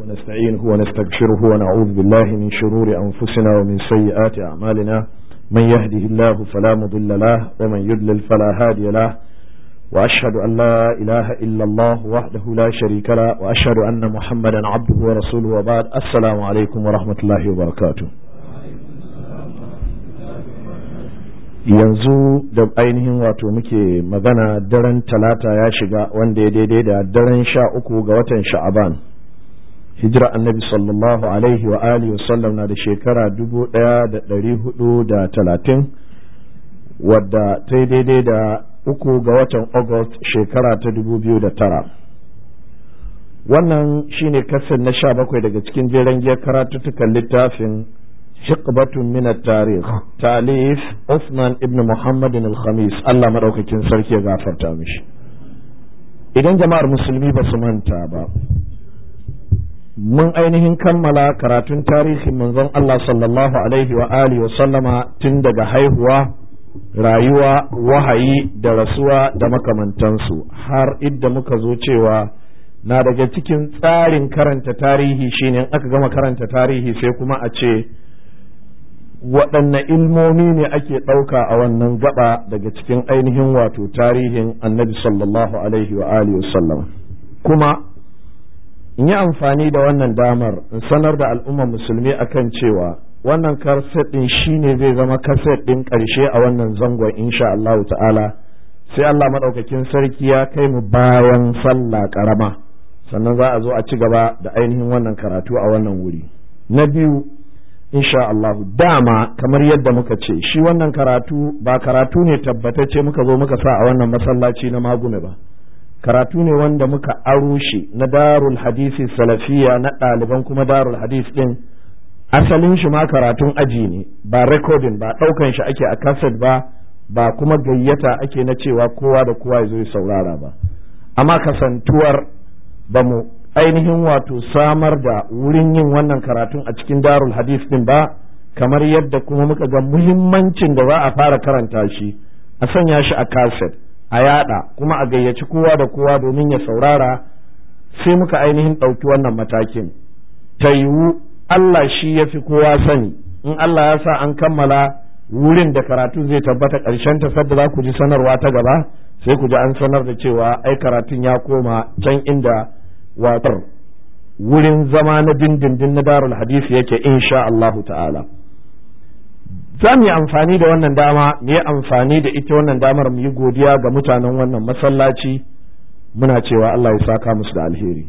ونستعينه ونستغفره ونعوذ بالله من شرور أنفسنا ومن سيئات أعمالنا من يهده الله فلا مضل له ومن يضلل فلا هادي له وأشهد أن لا إله إلا الله وحده لا شريك له وأشهد أن محمدا عبده ورسوله وبعد السلام عليكم ورحمة الله وبركاته yanzu da ainihin wato muke magana daren talata ya shiga wanda ya daidai da daren sha uku ga watan sha'aban hijira annabi sallallahu alaihi wa alihi sallam na da shekara dubu ɗaya da talatin wadda ta daidai da uku ga watan august shekara ta dubu biyu da tara wannan shine kasar na sha bakwai daga cikin jeren giyar karatuttukan littafin hiqbatun min tarikh talif Usman ibn Muhammad al-Khamis Allah maɗaukakin sarki ya gafarta mishi idan jama'ar musulmi ba su manta ba mun ainihin kammala karatun tarihin manzon Allah sallallahu alaihi wa alihi wa sallama tun daga haihuwa rayuwa wahayi da rasuwa da makamantansu har idda muka zo cewa na daga cikin tsarin karanta tarihi shine In aka gama karanta tarihi sai kuma a ce waɗanne ilmomi ne ake ɗauka a wannan gaba daga cikin ainihin wato tarihin annabi sallallahu alaihi wa alihi kuma in yi amfani da wannan damar in sanar da al'ummar musulmi akan cewa wannan kaset ɗin shine zai zama kaset ɗin ƙarshe a wannan zangon insha Allah ta'ala sai Allah maɗaukakin sarki ya kai mu bayan sallah ƙarama sannan za a zo a ci gaba da ainihin wannan karatu a wannan wuri na biyu insha Allah dama kamar yadda muka ce shi wannan karatu ba karatu ne tabbatacce muka zo muka sa a wannan masallaci na magume ba karatu ne wanda muka aro shi na darul hadisi salafiya na ɗaliban kuma darul hadis ɗin asalin shi ma karatun aji ne ba recording ba ɗaukan shi ake a kaset ba ba kuma gayyata ake na cewa kowa da kowa ya zo ya saurara ba amma kasantuwar ba mu ainihin wato samar da wurin yin wannan karatun a cikin darul hadis ɗin ba kamar yadda kuma muka ga muhimmancin da za a fara karanta shi a sanya shi a kaset a yaɗa kuma a gayyaci kowa da kowa domin ya saurara sai muka ainihin ɗauki wannan matakin ta yiwu Allah shi ya fi kowa sani in Allah ya sa an kammala wurin da karatu zai tabbata ƙarshen ta za ku ji sanarwa ta gaba sai ku ji an sanar da cewa ai karatun ya koma can inda watar wurin zama na dindindin na darul hadisi yake insha Allahu ta'ala za mu yi amfani da wannan dama mu yi amfani da ita wannan damar mu yi godiya ga mutanen wannan masallaci muna cewa Allah ya saka musu da alheri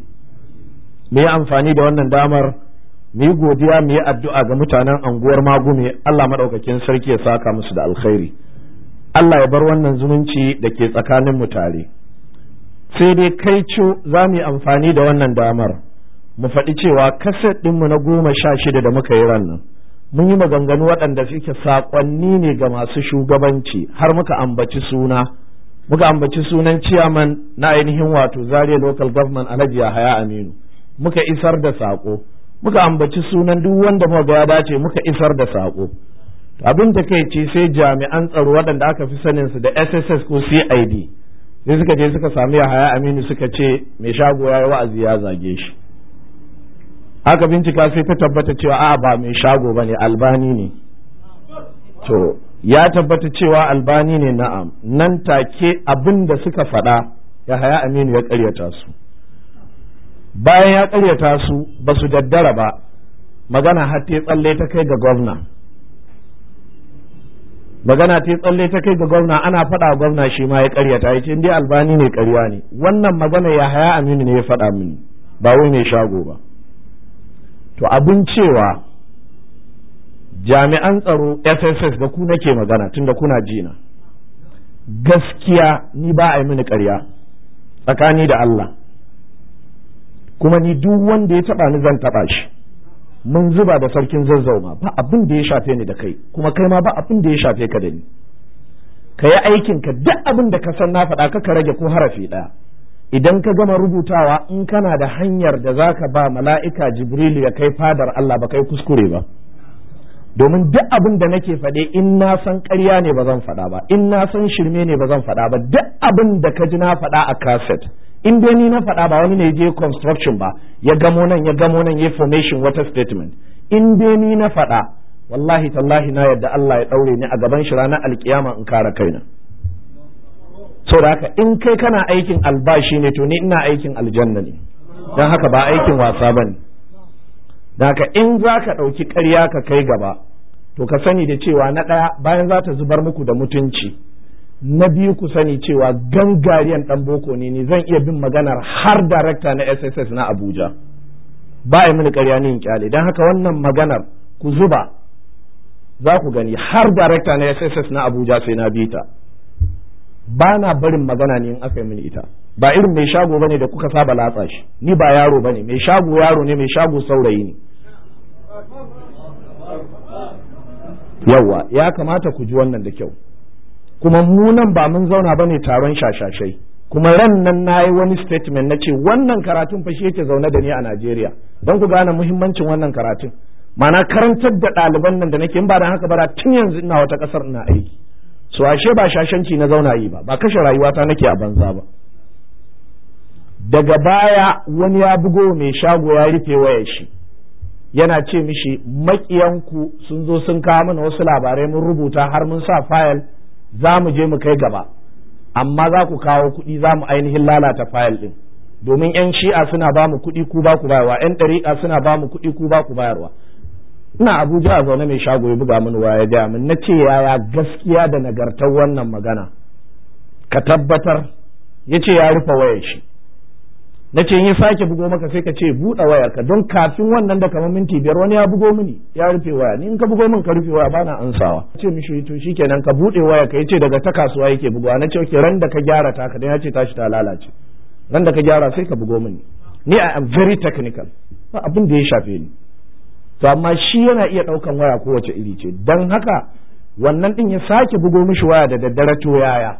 mu yi amfani da wannan damar mu yi godiya mu yi addu'a ga mutanen anguwar magume Allah madaukakin sarki ya saka musu da alkhairi Allah ya bar wannan zumunci da ke tsakanin mutare sai dai kai cu za mu yi amfani da wannan damar mu faɗi cewa kaset ɗinmu na goma sha shida da muka yi rannan. mun yi maganganu waɗanda suke saƙonni ne ga masu shugabanci har muka ambaci suna muka ambaci sunan ciyaman na ainihin wato zariya local government alhaji yahaya aminu muka isar da saƙo muka ambaci sunan duk wanda muka ya dace muka isar da saƙo abin da kai ce sai jami'an tsaro waɗanda aka fi sanin su da sss ko cid sai suka je suka sami yahaya aminu suka ce mai shago ya yi wa'azi ya zage shi aka bincika sai ta tabbata cewa a ba mai shago ba ne albani ne to ya tabbata cewa albani ne na'am nan take abin da suka faɗa ya haya aminu ya ƙaryata su bayan ya ƙaryata su ba su daddara ba magana har ta tsalle ta kai ga gwamna magana ta tsalle ta kai ga gwamna ana faɗa gwamna shi ma ya ƙaryata ya ce albani ne ƙarya ne wannan magana ya haya aminu ne ya faɗa mini ba wai mai shago ba to abin cewa jami'an tsaro sss da ku nake magana tunda kuna jina gaskiya ni ba a yi mini karya tsakani da Allah kuma ni duk wanda ya taba ni zan taba shi mun zuba da sarkin zazzau ma ba abin da ya shafe ni da kai kuma kai ma ba abin da ya shafe ka da ni ka yi aikin ka duk abin da ka san na faɗa ka rage ko harafi ɗaya idan ka gama rubutawa in kana da hanyar da za ka ba mala'ika Jibril ya kai fadar Allah ba kai kuskure ba domin duk abin da nake faɗe in na san ƙarya ne ba zan faɗa ba in na san shirme ne ba zan faɗa ba duk abin da ka ji na faɗa a kaset in dai ni na faɗa ba wani ne je construction ba ya gamo nan ya gamo nan ya formation wata statement in dai ni na faɗa wallahi tallahi na yadda Allah ya ɗaure ni a gaban shi ranar alkiyama in kara kaina da haka in kai kana aikin albashi ne to ni ina aikin aljanna ne don haka ba aikin wasa ba ne da haka in za ka ɗauki ƙarya ka kai gaba to ka sani da cewa na ɗaya bayan za ta zubar muku da mutunci na biyu ku sani cewa gangariyan ɗan boko ne ni zan iya bin maganar har darakta na sss na abuja ba yi mini ƙarya ne in kyale don haka wannan maganar ku zuba za ku gani har darakta na sss na abuja sai na bita ba na barin magana ne in aka yi mini ita ba irin mai shago bane da kuka saba latsa shi ni ba yaro bane mai shago yaro ne mai shago saurayi ne yawa ya kamata ku ji wannan da kyau kuma mu nan ba mun zauna bane taron shashashai kuma ran nan na yi wani statement na ce wannan karatun fa shi yake zaune da ni a Najeriya don ku gane muhimmancin wannan karatun ma'ana karantar da ɗaliban nan da nake in ba da haka ba tun yanzu ina wata ƙasar ina aiki Su ashe ba shashanci na zauna yi ba ba kashe rayuwata nake a banza ba daga baya wani ya bugo mai shago ya rufe wayar shi yana ce mishi makiyanku sun zo sun kawo mana wasu labarai mun rubuta har mun sa fayil za mu je mu kai gaba amma za ku kawo kuɗi za mu ainihin lalata fayil ɗin domin 'yan shi'a suna ba mu kuɗi ku ba ku bayarwa 'yan ɗariƙa suna ba mu kuɗi ku ba ku bayarwa ina abuja a zaune mai shago ya buga mini waya gaya min na ce yaya gaskiya da nagartar wannan magana ka tabbatar ya ce ya rufe wayar shi na ce ya sake bugo maka sai ka ce buɗe wayar ka don kafin wannan da kamar minti biyar wani ya bugo mini ya rufe waya ni in ka bugo min ka rufe waya bana ansawa ce mishi to shikenan ka buɗe waya ka yace daga ta kasuwa yake bugawa na ce ke ran da ka gyara ta ka dan ya ce tashi ta lalace ran da ka gyara sai ka bugo mini ni I am very technical abin da ya shafe ni to amma shi yana iya ɗaukan waya kowace iri ce don haka wannan ɗin ya sake bugo mishi waya da daddare to yaya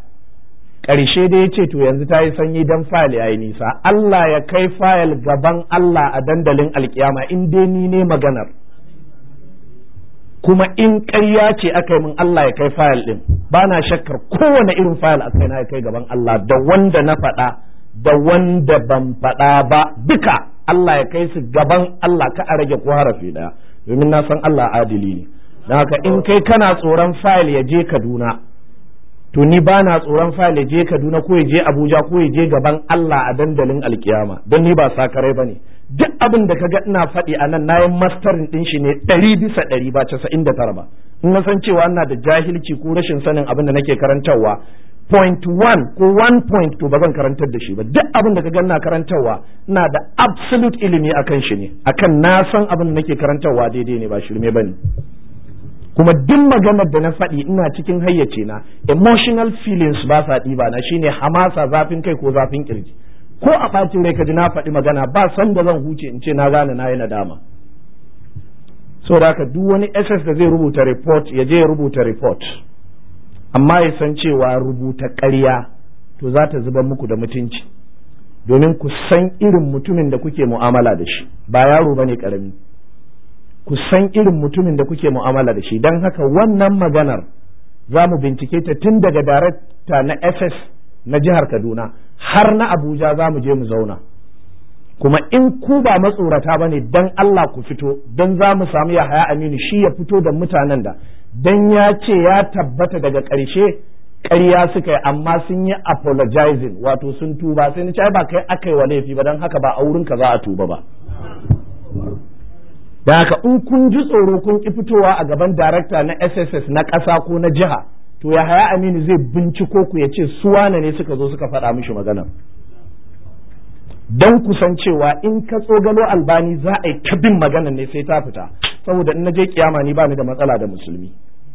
ƙarshe dai ya ce to yanzu ta yi sanyi don fayil ya yi nisa Allah ya kai fayil gaban Allah a dandalin alkiyama in dai ni ne maganar kuma in ƙarya ce aka yi min Allah ya kai fayil ɗin ba na shakkar kowane irin fayil a kai na ya kai gaban Allah da wanda na faɗa da wanda ban faɗa ba duka Allah ya kai su gaban Allah ka a rage ko harafi daya domin na san Allah adili ne don haka in kai kana tsoron fayil ya je Kaduna to ni ba na tsoron fayil ya je Kaduna ko ya je Abuja ko ya je gaban Allah a dandalin alkiyama don ni ba sakarai ba ne duk abin da ga ina faɗi a nan nayi mastarin ɗin shi ne ɗari bisa ɗari ba casa'in da tara ba in na san cewa ina da jahilci ko rashin sanin abin da nake karantarwa point one ko one point to ba zan karantar da shi ba duk abin da ka ganna karantarwa na da absolute ilimi a kan shi ne akan na san abin da nake karantarwa daidai ne ba shirme ne. kuma duk maganar da na faɗi ina cikin hayyace na emotional feelings ba sa ɗiba na shine hamasa zafin kai ko zafin kirji ko a ɓacin rai kaji na faɗi magana ba san da zan huce in ce na gane na yi nadama da haka duk wani ss da zai rubuta report ya je ya rubuta report amma ya san cewa rubuta ƙarya to za ta zuba muku da mutunci domin ku san irin mutumin da kuke mu'amala da shi ba yaro bane karami ku san irin mutumin da kuke mu'amala da shi don haka wannan maganar za mu bincike ta tun daga darakta na fs na jihar kaduna har na abuja za mu je mu zauna kuma in ku ba matsorata ba ne don allah ku fito don za mu samu yahaya aminu shi ya fito da mutanen da dan ya ce ya tabbata daga ƙarshe ƙarya suka yi amma sun yi apologizing wato sun tuba sai ni ba kai akai wa laifi ba dan haka ba wurin ka za a tuba ba da haka in kun ji tsoro kun ki fitowa a gaban darakta na SSS na ƙasa ko na jiha to ya haya aminu zai binciko ku ya ce su wane ne suka zo suka faɗa mishi magana don kusan cewa in ka tsogalo albani za a yi ta bin maganan ne sai ta fita saboda in na je kiyama ni ba ni da matsala da musulmi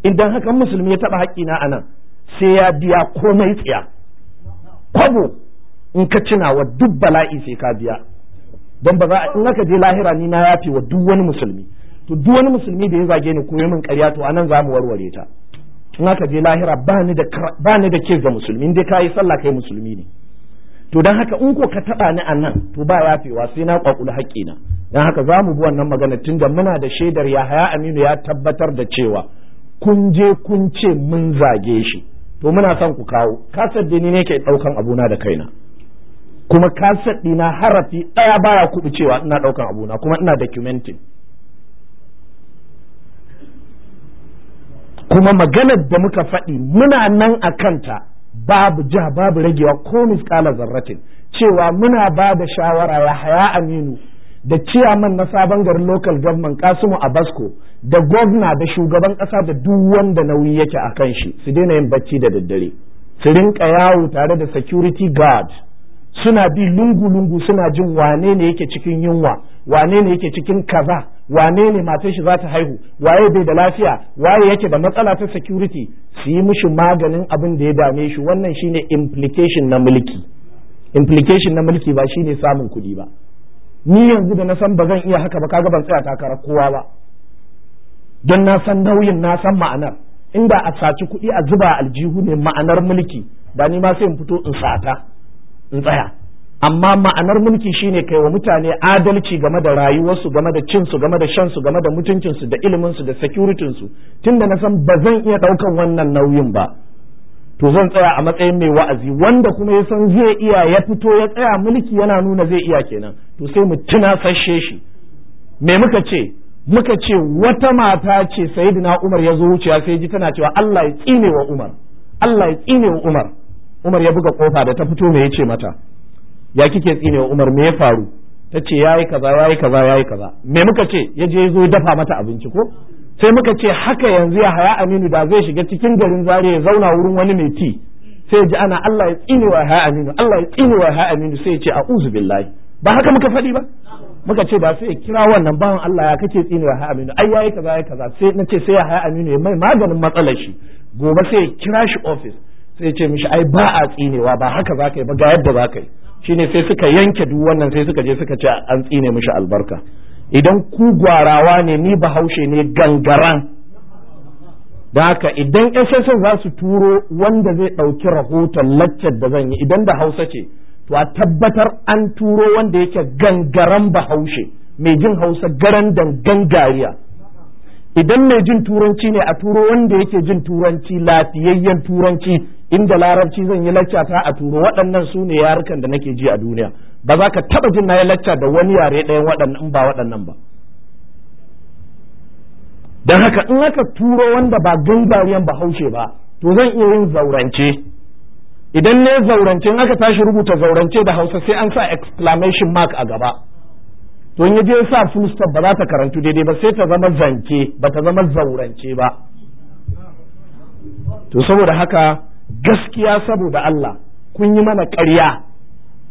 idan hakan musulmi ya taba haƙƙina a nan sai ya biya komai tsaya kwabo in ka cina wa duk bala'i sai ka biya don ba za a in aka je lahira ni na yafe wa duk wani musulmi to duk wani musulmi da ya zage ni ko min ƙarya to anan za mu warware ta in aka je lahira ba ni da ba da ke ga musulmi in dai ka yi sallah kai musulmi ne to dan haka in ko ka taɓa ni a nan to ba yafewa sai na kwakula haƙƙina dan haka za mu bi wannan magana da muna da shaidar Yahaya Aminu ya tabbatar da cewa kun je kun ce mun zage shi to muna son ku kawo kasar dini ne ke ɗaukan abuna da kaina kuma kasar dina harafi ɗaya baya kuɓi cewa ina ɗaukan abuna kuma ina documenting kuma maganar da muka faɗi muna nan a kanta babu ja babu ragewa ko miskala zarratin cewa muna ba da shawara ya haya aminu da ciyaman na sabon garin local government kasimu abasko da gwamna da shugaban kasa da duk wanda nauyi yake a kan shi su daina yin bacci da daddare su rinka yawo tare da security guard suna bi lungu-lungu suna jin wane ne yake cikin yunwa wane ne yake cikin kaza wane ne matar shi za ta haihu waye bai da lafiya waye yake da matsala ta security su yi mishi maganin abin da ya dame shi wannan shine implication na mulki implication na mulki ba shine samun kuɗi ba ni yanzu da na san ba zan iya haka ba kaga ban tsaya takarar kowa ba don na san nauyin na san ma'anar inda a saci kuɗi a zuba aljihu ne ma'anar mulki ba ni ma sai in fito in sata in tsaya amma ma'anar mulki shine kai wa mutane adalci game da rayuwarsu game da cinsu game da shansu game da mutuncinsu da iliminsu da securitinsu tunda na san ba zan iya ɗaukan wannan nauyin ba to zan tsaya a matsayin mai wa'azi wanda kuma ya san zai iya ya fito ya tsaya mulki yana nuna zai iya kenan to sai mu sashe shi me muka ce muka ce wata mata ce sayyidina Umar ya zo wuciya sai ji tana cewa Allah ya tsine wa Umar Allah ya tsine wa Umar Umar ya buga kofa da ta fito me yace mata ya kike tsine wa Umar me ya faru tace ce yayi kaza yayi kaza yayi kaza me muka ce ya je zo dafa mata abinci ko sai muka ce haka yanzu ya haya aminu da zai shiga cikin garin zariya ya zauna wurin wani mai ti sai ji ana Allah ya tsini wa haya aminu Allah ya tsini wa haya aminu sai ya ce a'udhu billahi ba haka muka faɗi ba muka ce ba sai ya kira wannan bawan Allah ya kace tsine wa haya aminu ai yayi kaza yayi kaza sai nace sai ya haya aminu ya mai maganin matsalar shi gobe sai ya kira shi office sai ya ce mishi ai ba a tsinewa ba haka zaka yi ba ga yadda zaka yi shine sai suka yanke duk wannan sai suka je suka ce an tsine mishi albarka idan ku gwarawa ne ni bahaushe ne gangaran da haka idan SSN za su turo wanda zai ɗauki rahoton laccar da zan yi idan da hausa ce to a tabbatar an turo wanda yake gangaran bahaushe mai jin hausa garan dan gangariya idan mai jin turanci ne a turo wanda yake jin turanci lafiyayyen turanci inda larabci zan yi lacca ta a turo waɗannan su ne yarukan da nake ji a duniya ba za ka taba jin na yi lacca da wani yare ɗayan waɗannan ba waɗannan ba don haka in aka turo wanda ba gangariyan bahaushe ba to zan iya yin zaurance idan ne zaurance in aka tashi rubuta zaurance da hausa sai an sa exclamation mark a gaba to in je sa full ba za ta karantu daidai ba sai ta zama zance ba ta zama zaurance ba to saboda haka gaskiya saboda Allah kun yi mana ƙarya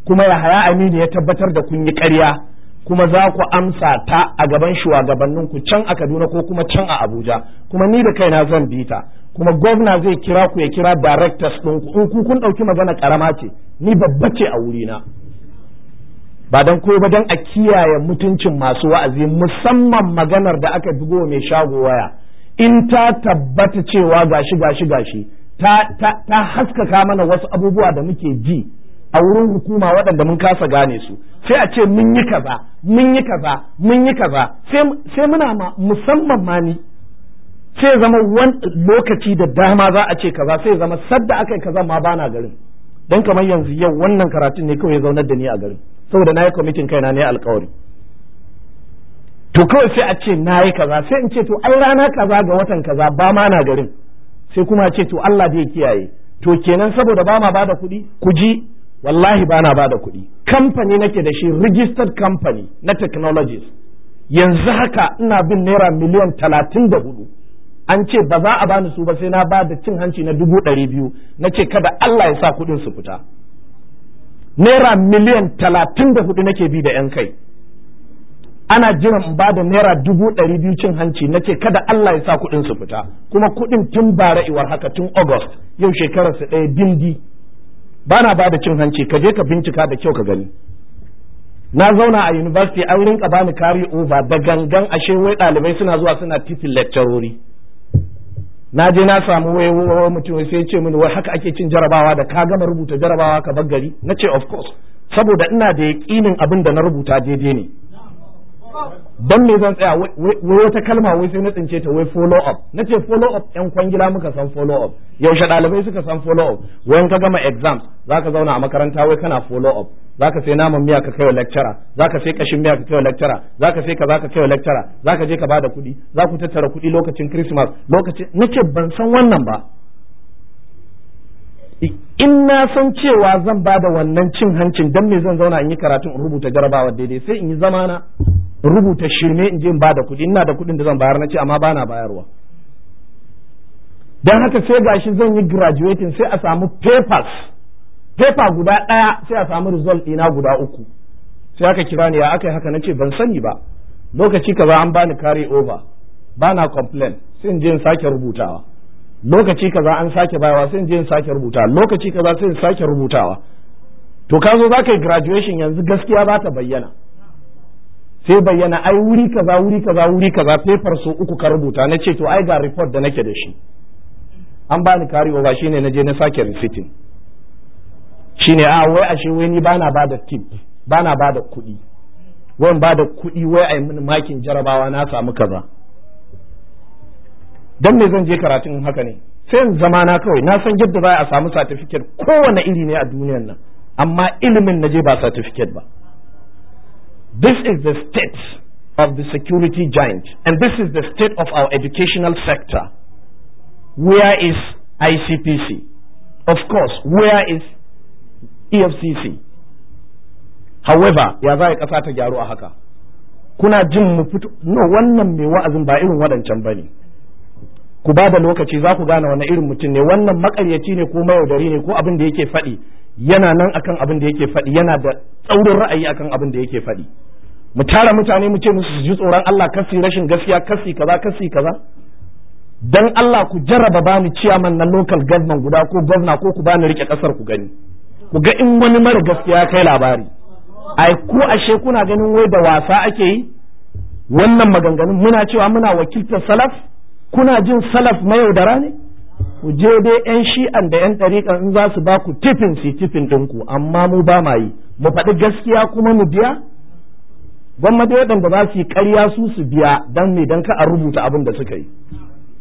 kuma Yahaya Aminu ya tabbatar da kun yi ƙarya kuma za ku amsa ta a gaban shugabannin ku can a Kaduna ko kuma can a Abuja kuma ni da kaina zan bi ta kuma gwamna zai kira ku ya kira directors ɗin ku in ku kun ɗauki magana karama ce ni babba ce a wuri na. ba dan koyi ba dan a kiyaye mutuncin masu wa'azi musamman maganar da aka bugo mai shago waya in ta tabbata cewa gashi gashi gashi ta haskaka mana wasu abubuwa da muke ji a wurin hukuma waɗanda mun kasa gane su sai a ce mun yi kaza mun yi kaza mun yi kaza sai muna ma musamman ma ni sai zama wani lokaci da dama za a ce kaza sai zama sadda aka yi kaza ma ba na garin dan kamar yanzu yau wannan karatun ne kawai ya zaunar da ni a garin saboda na yi kwamitin kaina ne alkawari to kawai sai a ce na yi kaza sai in ce to ai rana kaza ga watan kaza ba ma na garin sai kuma a ce to Allah ya kiyaye to kenan saboda ba ma ba da kuɗi ku ji wallahi ba na bada kuɗi kamfani nake da shi registered company na technologies yanzu haka ina bin naira miliyan talatin da hudu an ce ba za a bani su ba sai na ba da cin hanci na dubu ɗari biyu na ce kada Allah ya sa kuɗin su fita naira miliyan talatin da hudu nake bi da yan kai ana jiran ba da naira dubu ɗari biyu cin hanci na ce kada Allah ya sa kuɗin su fita kuma kuɗin tun bara iwar haka tun August yau shekararsa ɗaya dindi ba na ba da cin hanci ka je ka bincika da kyau ka gani na zauna a university an rinka bani kari over da gangan ashe wai ɗalibai suna zuwa suna titin lecturori na je na samu wai mutum sai ce mini wai haka ake cin jarabawa da ka gama rubuta jarabawa ka bar gari na ce of course saboda ina da yaƙinin abin da na rubuta daidai ne Don me zan tsaya wai wata kalma wai sai na tsince ta wai follow up na ce follow up yan kwangila muka san follow up yaushe ɗalibai suka san follow up wayan ka gama exams zaka zauna a makaranta wai kana follow up zaka sai naman miya ka kaiwa lecturer zaka sai kashin miya ka kaiwa lecturer zaka sai kaza ka kaiwa lecturer zaka je ka bada kuɗi za ku tattara kuɗi lokacin christmas lokacin nace ban san wannan ba in na san cewa zan bada wannan cin hancin don me zan zauna in yi karatun rubuta jarabawa daidai sai in yi zamana rubuta shirme in je in bada kuɗi ina da kuɗin da zan bayar na ce amma bana bayarwa don haka sai gashi zan yi graduating sai a samu papers paper guda ɗaya sai a samu result ɗina guda uku sai aka kira ni ya aka yi haka na ce ban sani ba lokaci kaza an bani carry over bana complain sai in je in sake rubutawa lokaci kaza an sake bayarwa sai in je in sake rubutawa lokaci kaza sai in sake rubutawa to ka zo za ka yi graduation yanzu gaskiya za ta bayyana sai bayyana ai wuri kaza wuri kaza wuri kaza paper so uku ka rubuta na ce to ai ga report da nake da shi an bani kari ba shine na je na sake receipting shine a ah, wai ashe wai ni bana bada tip bana bada kudi wai bada kudi wai ai mini makin jarabawa na samu kaza dan me zan je karatun haka ne sai in zama na kawai na san yadda za a samu certificate kowane iri ne a duniyar nan amma ilimin naje ba certificate ba This is the state of the security giant, and this is the state of our educational sector. Where is ICPC? Of course, where is EFCC? However, ya za ta gyaru a haka. Kuna jin mu fito, no wannan mai wa'azin ba irin waɗancan ba ne. Ku ba da lokaci za ku gane wani irin mutum ne, wannan makaryaci ne ko mayaudari ne ko abin da yake faɗi. yana nan akan abin da yake faɗi yana da tsaurin ra'ayi akan abin da yake faɗi mu tara mutane mu ce musu su ji tsoron Allah kasi rashin gaskiya kasi kaza kasi kaza dan Allah ku jarraba bani ciyaman na local government guda ko governor ko ku bani rike kasar ku gani ku ga in wani mara gaskiya kai labari ai ku ashe kuna ganin wai da wasa ake yi wannan maganganun muna cewa muna wakiltar salaf kuna jin salaf mayaudara ne ku je dai yan shi'an da yan ɗariƙan in za su ba ku tifin su tifin ɗinku amma mu ba ma yi mu faɗi gaskiya kuma mu biya gwamnati waɗanda za su yi karya su su biya don me don ka a rubuta abin da suka yi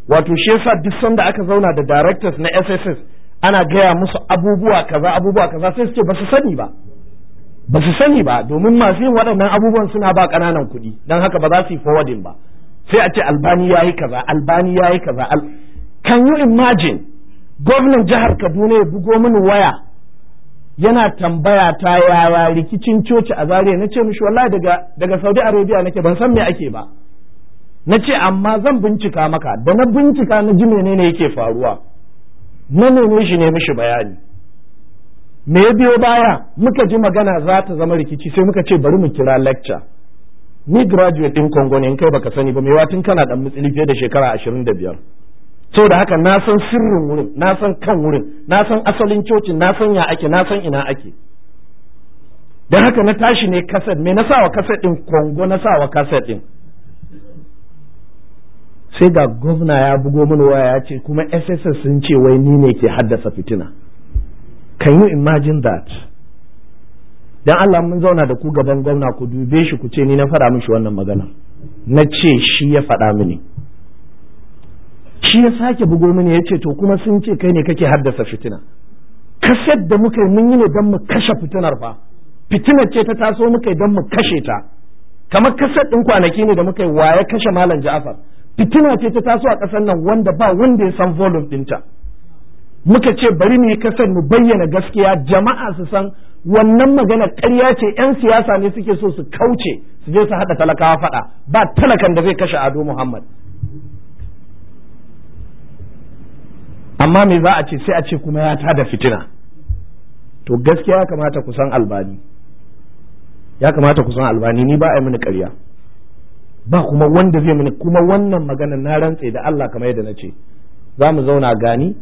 wato shi yasa duk sanda aka zauna da directors na SSS ana gaya musu abubuwa kaza abubuwa kaza sai su ce ba su sani ba ba su sani ba domin masu yin waɗannan abubuwan suna ba ƙananan kuɗi don haka ba za su yi forwarding ba sai a ce albani ya yi kaza albani ya yi kaza can you imagine gwamnan jihar kaduna ya bugo mini waya yana tambaya ta yaya rikicin coci a zariya na ce mishi wallahi daga daga saudi arabia nake ban san me ake ba na ce amma zan bincika maka da na bincika na ji menene yake faruwa na neme shi ne mishi bayani me ya biyo baya muka ji magana za ta zama rikici sai muka ce bari mu kira lecture ni graduate din Congo ne in kai baka sani ba me watin kana dan mutsili fiye da shekara 25 da haka na san sirrin wurin na san kan wurin na san asalin cocin na san ya ake na san ina ake don haka na tashi ne kaset Mai na sawa kasad din kongo na sawa kaset din sai ga gwamna ya bugo mini waya ya ce kuma sss sun ce wai ni ne ke haddasa fitina can you imagine that dan Allah mun zauna da ku gaban gwamna ku dube shi ku ce ni na fara mishi wannan magana na ce shi ya faɗa mini shi ya sake bugo mini ya ce to kuma sun ce kai ne kake haddasa fitina kaset da muka mun yi ne don mu kashe fitinar fa fitinar ce ta taso muka don mu kashe ta kamar kaset ɗin kwanaki ne da muka yi waye kashe malam ja'afar fitina ce ta taso a ƙasar nan wanda ba wanda ya san volume dinta muka ce bari mu yi kasar mu bayyana gaskiya jama'a su san wannan magana ƙarya ce 'yan siyasa ne suke so su kauce su je su haɗa talakawa faɗa ba talakan da zai kashe ado muhammad amma me za a ce sai a ce kuma ya tada fitina to gaskiya ya kamata ku san albani ya kamata ku san albani ni ba a yi mini ƙarya ba kuma wanda zai mini kuma wannan magana na rantse da Allah kamar yadda na ce za mu zauna gani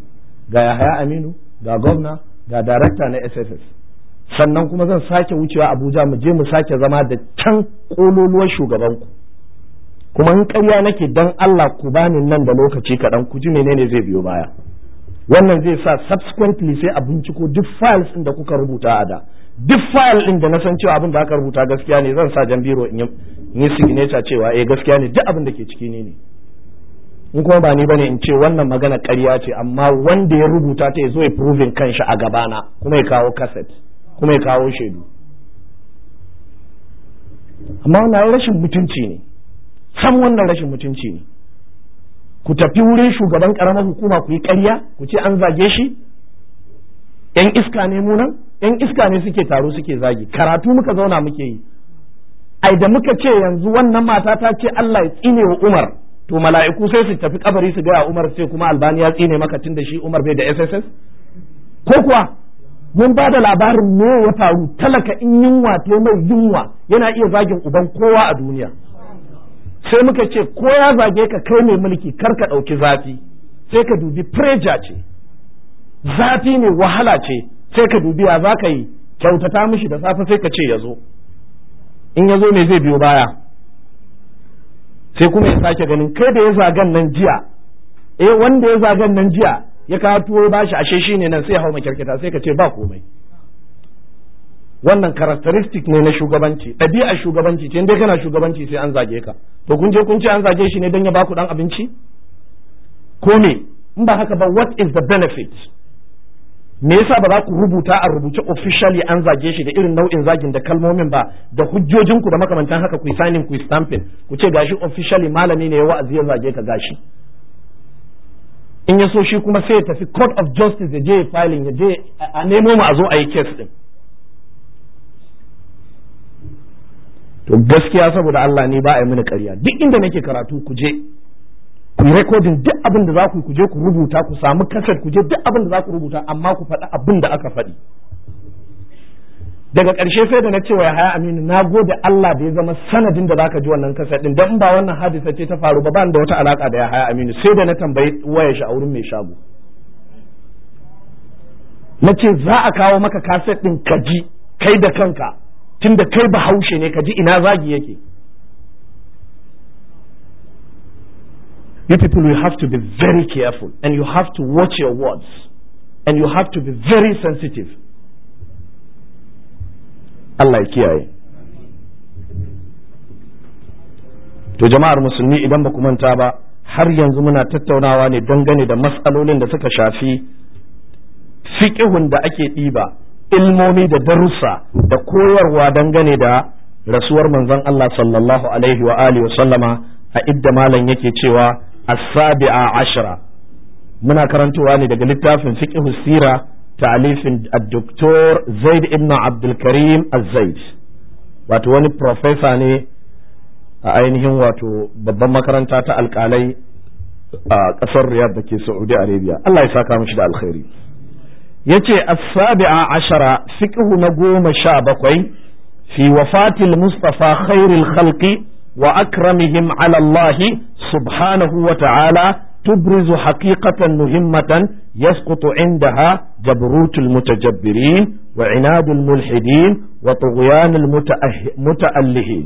ga Yahaya Aminu ga gwamna ga darakta na SSS sannan kuma zan sake wucewa Abuja mu je mu sake zama da can kololuwar shugaban ku kuma in ƙarya nake dan Allah ku bani nan da lokaci kaɗan ku ji menene zai biyo baya wannan zai sa subsequently sai a binciko duk files ɗin da kuka rubuta a da duk file ɗin da na san cewa abin da aka rubuta gaskiya ne zan sa jan biro in yi signature cewa eh gaskiya ne duk abin da ke ciki ne ne in kuma ba ni bane in ce wannan magana ƙarya ce amma wanda ya rubuta ta ya zo ya proving kanshi a gabana kuma ya kawo cassette kuma ya kawo shaidu amma wannan rashin mutunci ne san wannan rashin mutunci ne ku tafi wurin shugaban karamar hukuma ku yi ƙarya ku ce an zage shi yan iska ne munan? iska ne suke taro suke zagi karatu muka zauna muke yi ai da muka ce yanzu wannan mata ta ce Allah ya tsine wa Umar to mala'iku sai su tafi kabari su gaya Umar sai kuma Albani ya tsine maka tunda shi Umar bai da SSS ko kuwa mun ba da labarin me ya faru talaka in yunwa to mai yunwa yana iya zagin uban kowa a duniya sai muka ce ko ya zage ka kai mai mulki kar ka ɗauki zafi sai ka dubi preja ce zafi ne wahala ce sai ka dubi ya za ka yi kyautata mishi da safe sai ka ce ya zo in ya zo me zai biyo baya sai kuma ya sake ganin kai da ya zagan nan jiya eh wanda ya zagan nan jiya ya kawo tuwo bashi ashe shine nan sai ya hau makyarkita sai ka ce ba komai wannan characteristic ne na shugabanci ɗabi'a shugabanci ce dai kana shugabanci sai an zage ka to kun je kun ce an zage shi ne don ya baku dan abinci ko me in ba haka ba what is the benefit me yasa ba za ku rubuta a rubuce officially an zage shi da irin nau'in zagin da kalmomin ba da hujjojin ku da makamantan haka ku signing ku stamping ku ce gashi officially malami ne ya wa'azi ya zage ka gashi in ya so shi kuma sai ya tafi court of justice ya je filing ya je a nemo mu a zo a yi case din to gaskiya saboda Allah ne ba a yi mini ƙarya duk inda nake karatu ku je ku yi rekodin duk abin da za ku ku je ku rubuta ku samu kasar ku je duk abin da za ku rubuta amma ku faɗi abin da aka faɗi daga ƙarshe sai da na cewa ya haya aminu na gode Allah da ya zama sanadin da zaka ji wannan kasar din dan ba wannan hadisa ce ta faru ba ban da wata alaka da ya haya aminu sai da na tambayi wayar shi a wurin mai shago na ce za a kawo maka kaset din kaji kai da kanka Tun da kai bahaushe ne ka ji ina zagi yake you people you have to be very careful and you have to watch your words and you have to be very sensitive Allah ya kiyaye to jama'ar musulmi idan ba ku manta ba har yanzu muna tattaunawa ne dangane da matsalolin da suka shafi fiƙihun da ake ɗiba ilmomi da darussa da koyarwa dangane da rasuwar manzon Allah sallallahu alaihi wa alihi wa sallama a idda malam yake cewa as-sabi'a ashra muna karantowa ne daga littafin fiqh sira ta'alifin ad-doktor Zaid ibn Abdul Karim Az-Zaid wato wani professor ne a ainihin wato babban makaranta ta alkalai a kasar Riyadh da ke Saudi Arabia Allah ya saka mishi da alkhairi yace as-sabi'a ashara fiqhu na goma sha bakwai fi wafatil mustafa khairil khalqi wa akramihim ala Allah subhanahu wa ta'ala تبرز حقيقة مهمة يسقط عندها جبروت المتجبرين وعناد الملحدين وطغيان المتألهين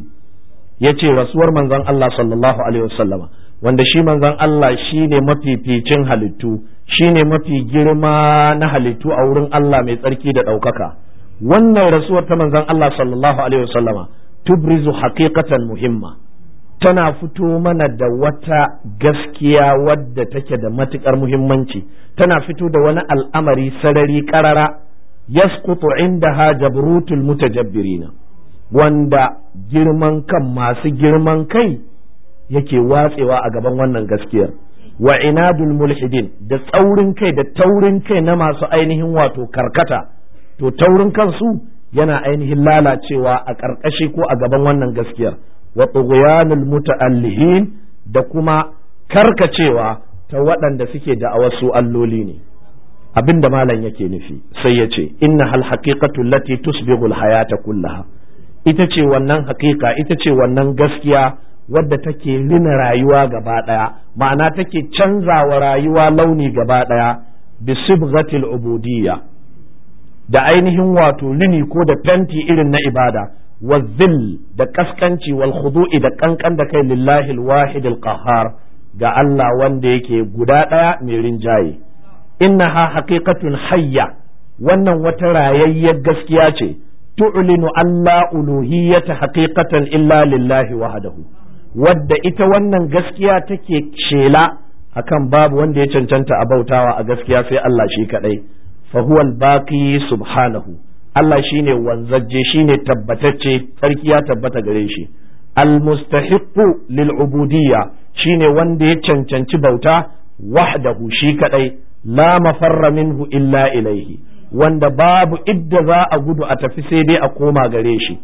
yace rasuwar manzon ala sallallahu alaihi wasallama wanda shi manzon Allah shi shine mafificin halittu shi ne mafi girma na halittu a wurin Allah mai tsarki da ɗaukaka wannan rasuwar ta manzon Allah sallallahu alaihi wasallama tubrizu haqiqatan muhimma tana fito mana da wata gaskiya wadda take da matukar muhimmanci tana fito da wani al'amari sarari karara yasqutu indaha jabrutul mutajabbirina wanda girman kan masu girman kai yake watsewa a gaban wannan gaskiyar wa inadul mulhidin da tsaurin kai da taurin kai na masu ainihin wato karkata to taurin kansu yana ainihin lalacewa a ƙarƙashi ko a gaban wannan gaskiyar wa tughyanul muta'allihin da kuma karkacewa ta waɗanda suke da wasu alloli ne abin da malam yake nufi sai ya ce inna hal haqiqatu lati tusbihul hayata kullaha ita ce wannan haƙiƙa ita ce wannan gaskiya wadda take rina rayuwa gaba ɗaya ma'ana take canzawa rayuwa launi gaba ɗaya bi sibghatil ubudiyya da ainihin wato rini ko da fenti irin na ibada wa zil da kaskanci wal khudu'i da kankan da kai lillahi al-wahid ga Allah wanda yake guda ɗaya mai rinjaye innaha haqiqatun hayya wannan wata rayayyar gaskiya ce tu'linu alla uluhiyyata haqiqatan illa lillahi wahdahu wadda ita wannan gaskiya take shela akan babu wanda ya cancanta a bautawa a gaskiya sai Allah shi kadai fa baki baqi subhanahu Allah shine wanzajje shine tabbatacce sarki ya tabbata gare shi al mustahiqqu lil ubudiyya shine wanda ya cancanci bauta wahdahu shi kadai la mafarra minhu illa ilaihi wanda babu idda za a gudu a tafi sai dai a koma gare shi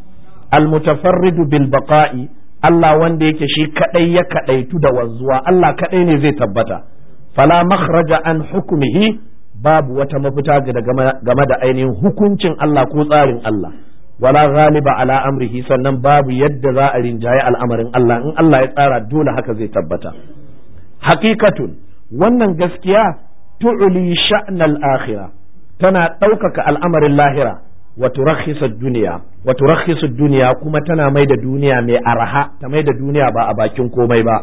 al mutafarridu bil baqa'i Allah wanda yake shi kadai ya kadaitu da wanzuwa Allah kadai ne zai tabbata fala makhraja an hukumihi babu wata mafita game da ainihin hukuncin Allah ko tsarin Allah wala ghaliba ala amrihi sannan babu yadda za a rinjaye al'amarin Allah in Allah ya tsara dole haka zai tabbata haqiqatun wannan gaskiya tu'li sha'nal akhirah tana ɗaukaka al'amarin lahira Watu turakhisu duniya wa turakhisu duniya kuma tana mai da duniya mai arha ta mai da duniya ba a bakin komai ba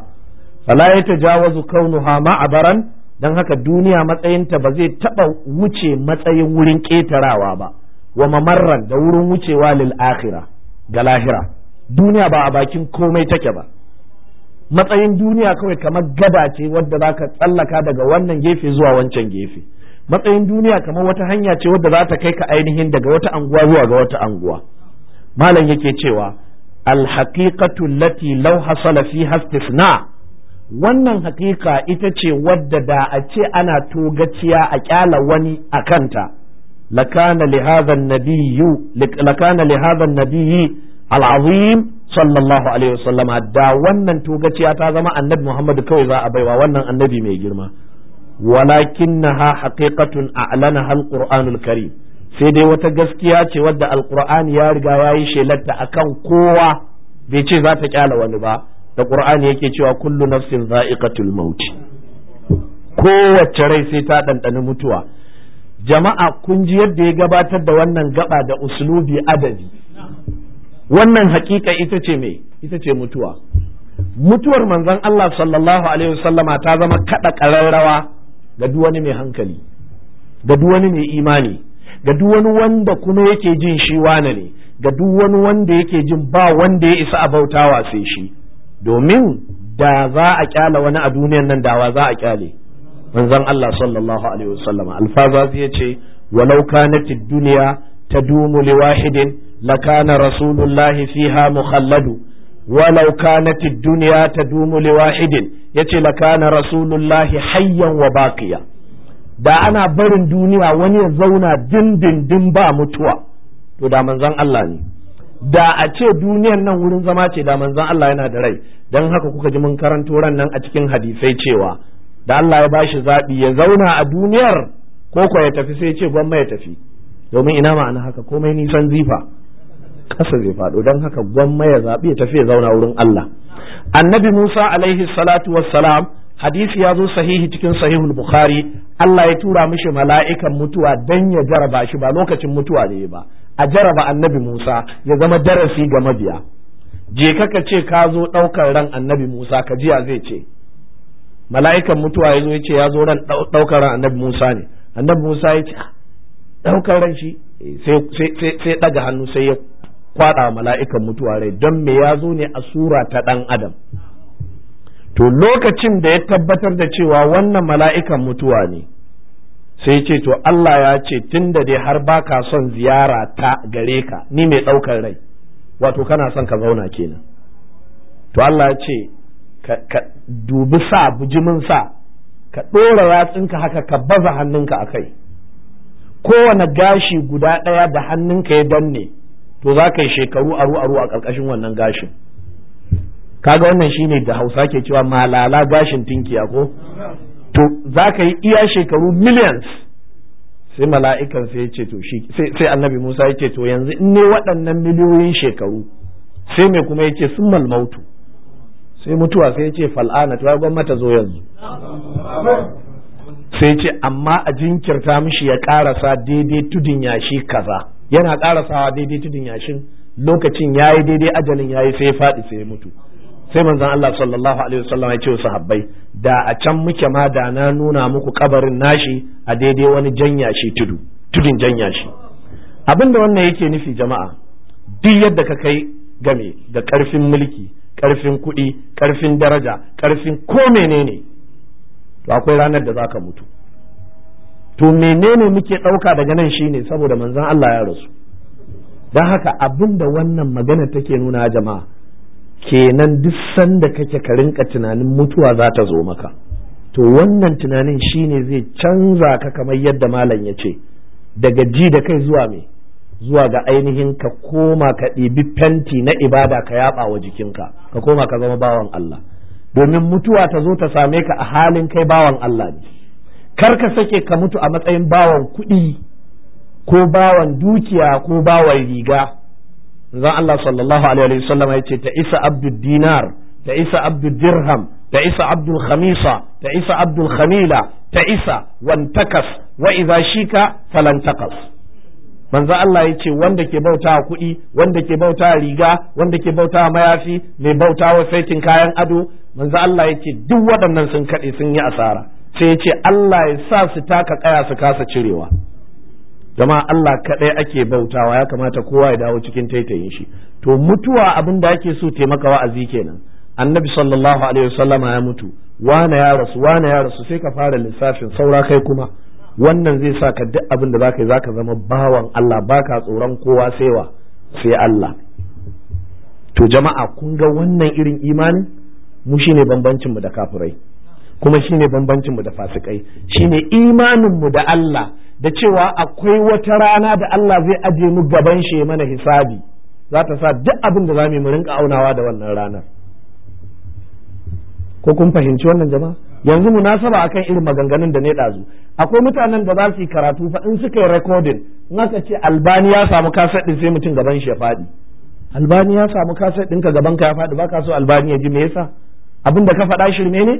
fala yatajawazu a baran dan haka duniya matsayinta ba zai taɓa wuce matsayin wurin ƙetarawa ba wa mamarran da wurin wucewa lil akhirah ga lahira duniya ba a bakin komai take ba matsayin duniya kawai kamar gada ce wadda za ka tsallaka daga wannan gefe zuwa wancan gefe matsayin duniya kamar wata hanya ce wadda za ta kai ka ainihin daga wata anguwa zuwa ga wata anguwa malam yake cewa alhaqiqatu lati law hasala fi hastisna wannan haƙiƙa ita ce wadda da a ce ana togaciya a kyala wani a kanta lakana li hadha an-nabiyyu lakana li nabiyyi al-azim sallallahu alaihi wasallam da wannan togaciya ta zama annabi Muhammad kawai za a baiwa wannan annabi mai girma walakinnaha haqiqatun a'lanaha alqur'anul karim sai dai wata gaskiya ce wadda alqur'ani ya riga yi yayi shelarta akan kowa bai ce za ta kyala wani ba da qur'ani yake cewa kullu nafsin za'iqatul maut kowace rai sai ta dandana mutuwa jama'a kun ji yadda ya gabatar da wannan gaba da uslubi adabi wannan hakika ita ce me ita ce mutuwa mutuwar manzon Allah sallallahu alaihi wasallama ta zama kada ƙararrawa ga duk wani mai hankali ga duk wani mai imani ga duk wani wanda kuma yake jin shi wane ne ga duk wani wanda yake jin ba wanda ya isa a bautawa sai shi domin da za a kyala wani a duniyan nan dawa za a kyale manzon Allah sallallahu alaihi wasallam alfaza ya ce walau kanatid duniya tadumu liwahidin lakana rasulullahi fiha mukhalladu walau kanat duniya ta tadumu li wahidin yace lakana rasulullahi hayyan wa baqiya da ana barin duniya wani ya zauna dindindin ba mutuwa to da manzon Allah ne da a ce duniyar nan wurin zama ce da manzon Allah yana da rai dan haka kuka ji mun karanto ran nan a cikin hadisai cewa da Allah ya bashi zaɓi ya zauna a duniyar ko ko ya tafi sai ya ce gwamma ya tafi domin ina ma'ana haka komai nisan zifa kasa zai faɗo don haka gwamma ya zaɓi ya tafi ya zauna wurin Allah annabi Musa alaihi salatu wassalam hadisi ya zo sahihi cikin sahihul bukhari Allah ya tura mishi mala'ikan mutuwa dan ya jaraba shi ba lokacin mutuwa ne ba a jaraba annabi Musa ya zama darasi ga mabiya je ka ce ka zo ɗaukar ran annabi Musa ka jiya zai ce mala'ikan mutuwa ya zo ya ce ya zo ran ɗaukar ran annabi Musa ne annabi Musa ya ce ah, ɗaukar ran shi eh, sai ɗaga hannu sai ya kwaɗa mala'ikan mutuwa rai don me ya zo ne a sura ta ɗan adam to lokacin da ya tabbatar da cewa wannan mala'ikan mutuwa ne sai ce to Allah ya ce tun da dai har baka son ziyara ta gare ka ni mai ɗaukar rai wato kana son ka zauna kenan to Allah ya ce ka dubi sa bujimin sa ka ɗora yatsinka haka ka baza hannunka a kai kowane gashi guda ɗaya da hannunka ya danne to za ka yi shekaru aru aru a ƙarƙashin wannan gashin kaga wannan shine da hausa ke cewa malala gashin tinkiya ko to za ka yi iya shekaru millions sai mala'ikan sai ce to sai annabi musa ya ce to yanzu in ne waɗannan miliyoyin shekaru sai mai kuma ya sun malmautu sai mutuwa sai ya ce fal'ana to ya gwamnata zo yanzu sai ce amma a jinkirta mishi ya karasa daidai tudun yashi kaza yana ƙara sawa daidai tudun yashin lokacin ya yi daidai ajalin ya yi sai ya faɗi sai ya mutu sai manzon Allah sallallahu alaihi wasallam ya ce wa sahabbai da a can muke ma da na nuna muku kabarin nashi a daidai wani janya shi tudu tudun janya shi abinda wannan yake nufi jama'a duk yadda ka kai game da karfin mulki karfin kuɗi karfin daraja karfin ko menene to akwai ranar da zaka mutu to menene muke ɗauka daga nan shine saboda manzon Allah ya rasu don haka abin da wannan magana take nuna jama'a kenan duk sanda kake ka rinka tunanin mutuwa za ta zo maka to wannan tunanin shine zai canza ka kamar yadda malam ya ce daga ji da kai zuwa me zuwa ga ainihin ka koma ka ɗibi fenti na ibada ka yaba wa jikinka ka koma ka zama bawan Allah domin mutuwa ta zo ta same ka a halin kai bawan Allah ne kar ka sake ka mutu a matsayin bawan kuɗi ko bawan dukiya ko bawan riga zan Allah sallallahu alaihi wasallam ya ce ta isa abdul dinar ta isa abdul dirham ta isa abdul khamisa ta isa abdul khamila ta isa wantakas wa idza shika falantakas manzo Allah ya ce wanda ke bauta kuɗi wanda ke bauta riga wanda ke bauta mayafi mai bauta wa saitin kayan ado manzo Allah ya ce duk waɗannan sun kaɗe sun yi asara sai ya ce Allah ya sa su taka kaya su kasa cirewa jama'a Allah kaɗai ake bautawa ya kamata kowa ya dawo cikin taitayin shi to mutuwa abin da ake so taimaka wa'azi kenan annabi sallallahu alaihi wasallama ya mutu wane ya rasu wane ya rasu sai ka fara lissafin saura kai kuma wannan zai sa ka duk abin da zaka yi zaka zama bawan Allah baka tsoron kowa sai wa sai Allah to jama'a kun ga wannan irin imanin mu shine bambancin mu da kafirai kuma shine bambancin mu da fasikai shine imanin mu da Allah da cewa akwai wata rana da Allah zai aje mu gaban shi mana hisabi za ta sa duk abin da zamu mu rinka aunawa da wannan ranar ko kun fahimci wannan jama'a yanzu munasaba akan irin maganganun da ne dazu akwai mutanen da za su yi karatu fa in suka yi recording in aka ce albani ya samu kaset sai mutum gaban shi ya faɗi albani ya samu kaset ɗinka gaban ka ya faɗi ba ka so albani ya ji me yasa abin da ka faɗa shirme ne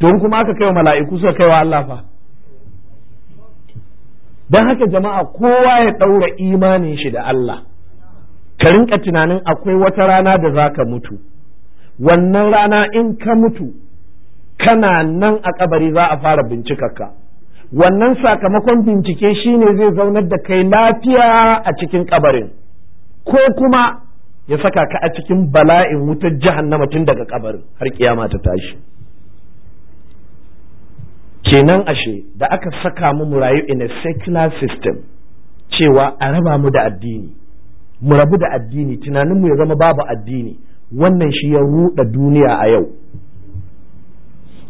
don kuma aka kai wa mala'iku suka kai wa Allah fa don haka jama'a kowa ya ɗaura imanin shi da Allah ka rinka tunanin akwai wata rana da za ka mutu wannan rana in ka mutu kana nan a kabari za a fara ka. wannan sakamakon bincike shine zai zaunar da kai lafiya a cikin kabarin ko kuma ya saka ka a cikin bala'in wutar jahannama tun daga kabarin har kiyama ta tashi kenan ashe da aka saka mu murayu rayu in a secular system cewa a raba mu da addini mu rabu da addini tunaninmu ya zama babu addini wannan shi ya ruɗa duniya a yau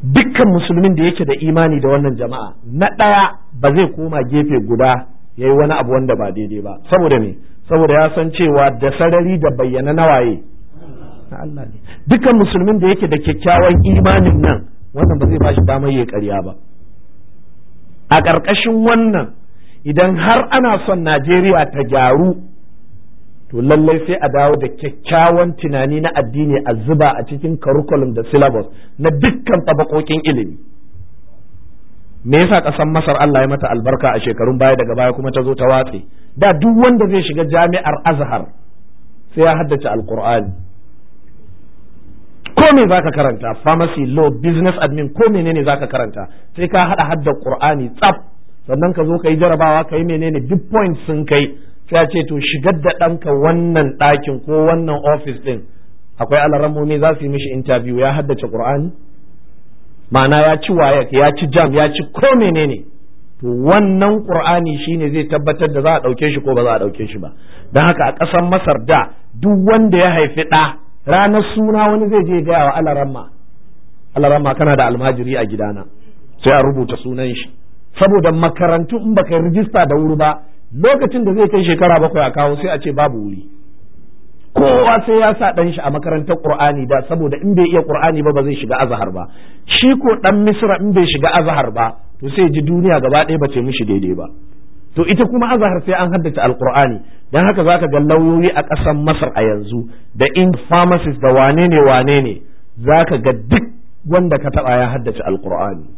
dukkan musulmin da yake da imani da wannan jama'a na ɗaya ba zai koma gefe guda ya yi wani abu wanda ba daidai ba saboda me saboda ya san cewa da sarari da bayyana na waye dukkan musulmin da yake da kyakkyawan imanin nan wannan ba zai ba bashi damar ya karya ba a ƙarƙashin wannan idan har ana son Najeriya ta gyaru to lallai sai a dawo da kyakkyawan tunani na addini a zuba a cikin curriculum da syllabus na dukkan tabakokin ilimi me yasa ƙasar Masar Allah ya mata albarka a shekarun baya daga baya kuma ta zo ta watse da duk wanda zai shiga jami'ar Azhar sai ya haddace alkur'ani ko me zaka karanta pharmacy law business admin ko menene zaka karanta sai ka hada hadda qur'ani tsaf sannan ka zo ka yi jarabawa ka yi menene duk point sun kai sai ce to shigar da danka wannan ɗakin ko wannan office din akwai ne za su yi mishi interview ya haddace qur'ani ma'ana ya ci wayak ya ci jam ya ci ko menene to wannan qur'ani shine zai tabbatar da za a ɗauke shi ko ba za a ɗauke shi ba dan haka a ƙasar masar da duk wanda ya haifi ɗa ranar suna wani zai je gaya wa Alarama. Alarama kana da almajiri a gidana sai a rubuta sunan shi saboda makarantu in baka rijista da wuri ba lokacin da zai kai shekara bakwai a kawo sai a ce babu wuri kowa sai ya sa ɗan shi a makarantar Qur'ani da saboda in bai iya Qur'ani ba ba zai shiga azahar ba shi ko ɗan Misra in bai shiga azahar ba to sai ji duniya gaba ɗaya ba ce mishi daidai ba to ita kuma azahar sai an haddace alqur'ani dan haka zaka ga lauyoyi a ƙasar masar a yanzu da in pharmacist da wane ne wane ne zaka ga duk wanda ka taba ya haddace alqur'ani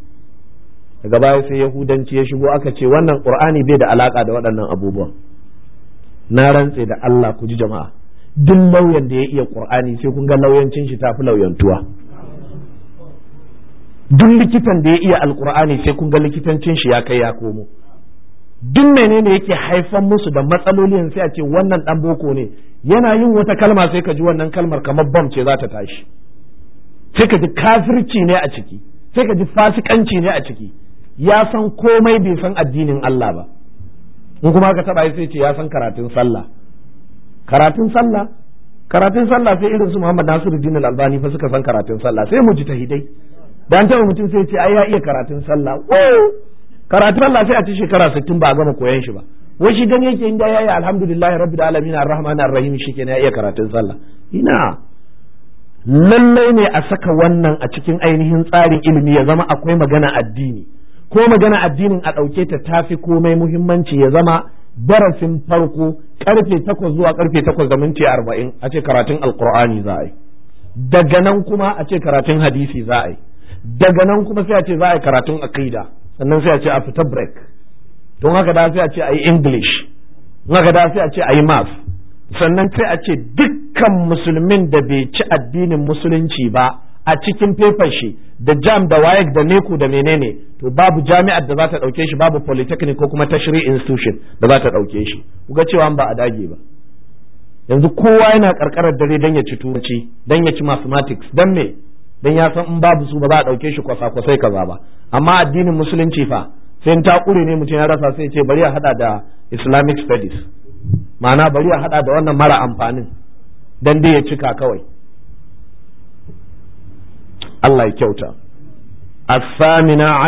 daga baya sai yahudanci ya shigo aka ce wannan qur'ani bai da alaka da waɗannan abubuwan na rantse da Allah ku ji jama'a duk lauyan da ya iya qur'ani sai kun ga lauyancin shi tafi lauyantuwa duk likitan da ya iya alqur'ani sai kun ga likitancin shi ya kai ya komo duk menene yake haifan musu da matsaloli sai a ce wannan dan boko ne yana yin wata kalma sai ka ji wannan kalmar kamar bam ce za ta tashi sai ka ji kafirci ne a ciki sai ka ji fasikanci ne a ciki ya san komai bai san addinin Allah ba in kuma ka taba sai ce ya san karatun sallah karatun sallah karatun sallah sai irin su Muhammad Nasiruddin Al-Albani fa suka san karatun sallah sai mu ji tahidai dan taɓa mutum sai ce ai ya iya karatun sallah wow Karatun Allah sai a ci shekara 60 ba a gama koyan shi ba wai shi gani yake inda yayi alhamdulillah rabbil alamin arrahman arrahim shikenan ya iya karatun sallah ina lallai ne a saka wannan a cikin ainihin tsarin ilimi ya zama akwai magana addini ko magana addinin a ɗauke ta tafi komai muhimmanci ya zama darasin farko karfe takwas zuwa karfe takwas da minti arba'in a ce karatun alkur'ani za a daga nan kuma a ce karatun hadisi za a daga nan kuma sai a ce za a yi karatun aqida sannan sai a ce a fita break don haka da sai a ce a yi english haka da sai a ce a yi math sannan sai a ce dukkan musulmin da bai ci addinin musulunci ba a cikin fefar shi da jam da wayek da neku da menene to babu jami'ar da za ta ɗauke shi babu polytechnic ko kuma tashri institution da za ta ɗauke shi kuga cewa ba a dage ba yanzu kowa yana karkarar dare don ya ci turanci don ya ci mathematics don me dan ya san in babu su ba za a ɗauke shi kwasa-kwasai kaza ba amma addinin musulunci fa sai in takure ne mutum ya rasa sai ce bari a hada da islamic studies ma'ana bari a hada da wannan mara amfanin don dai ya cika kawai Allah ya kyauta as-samina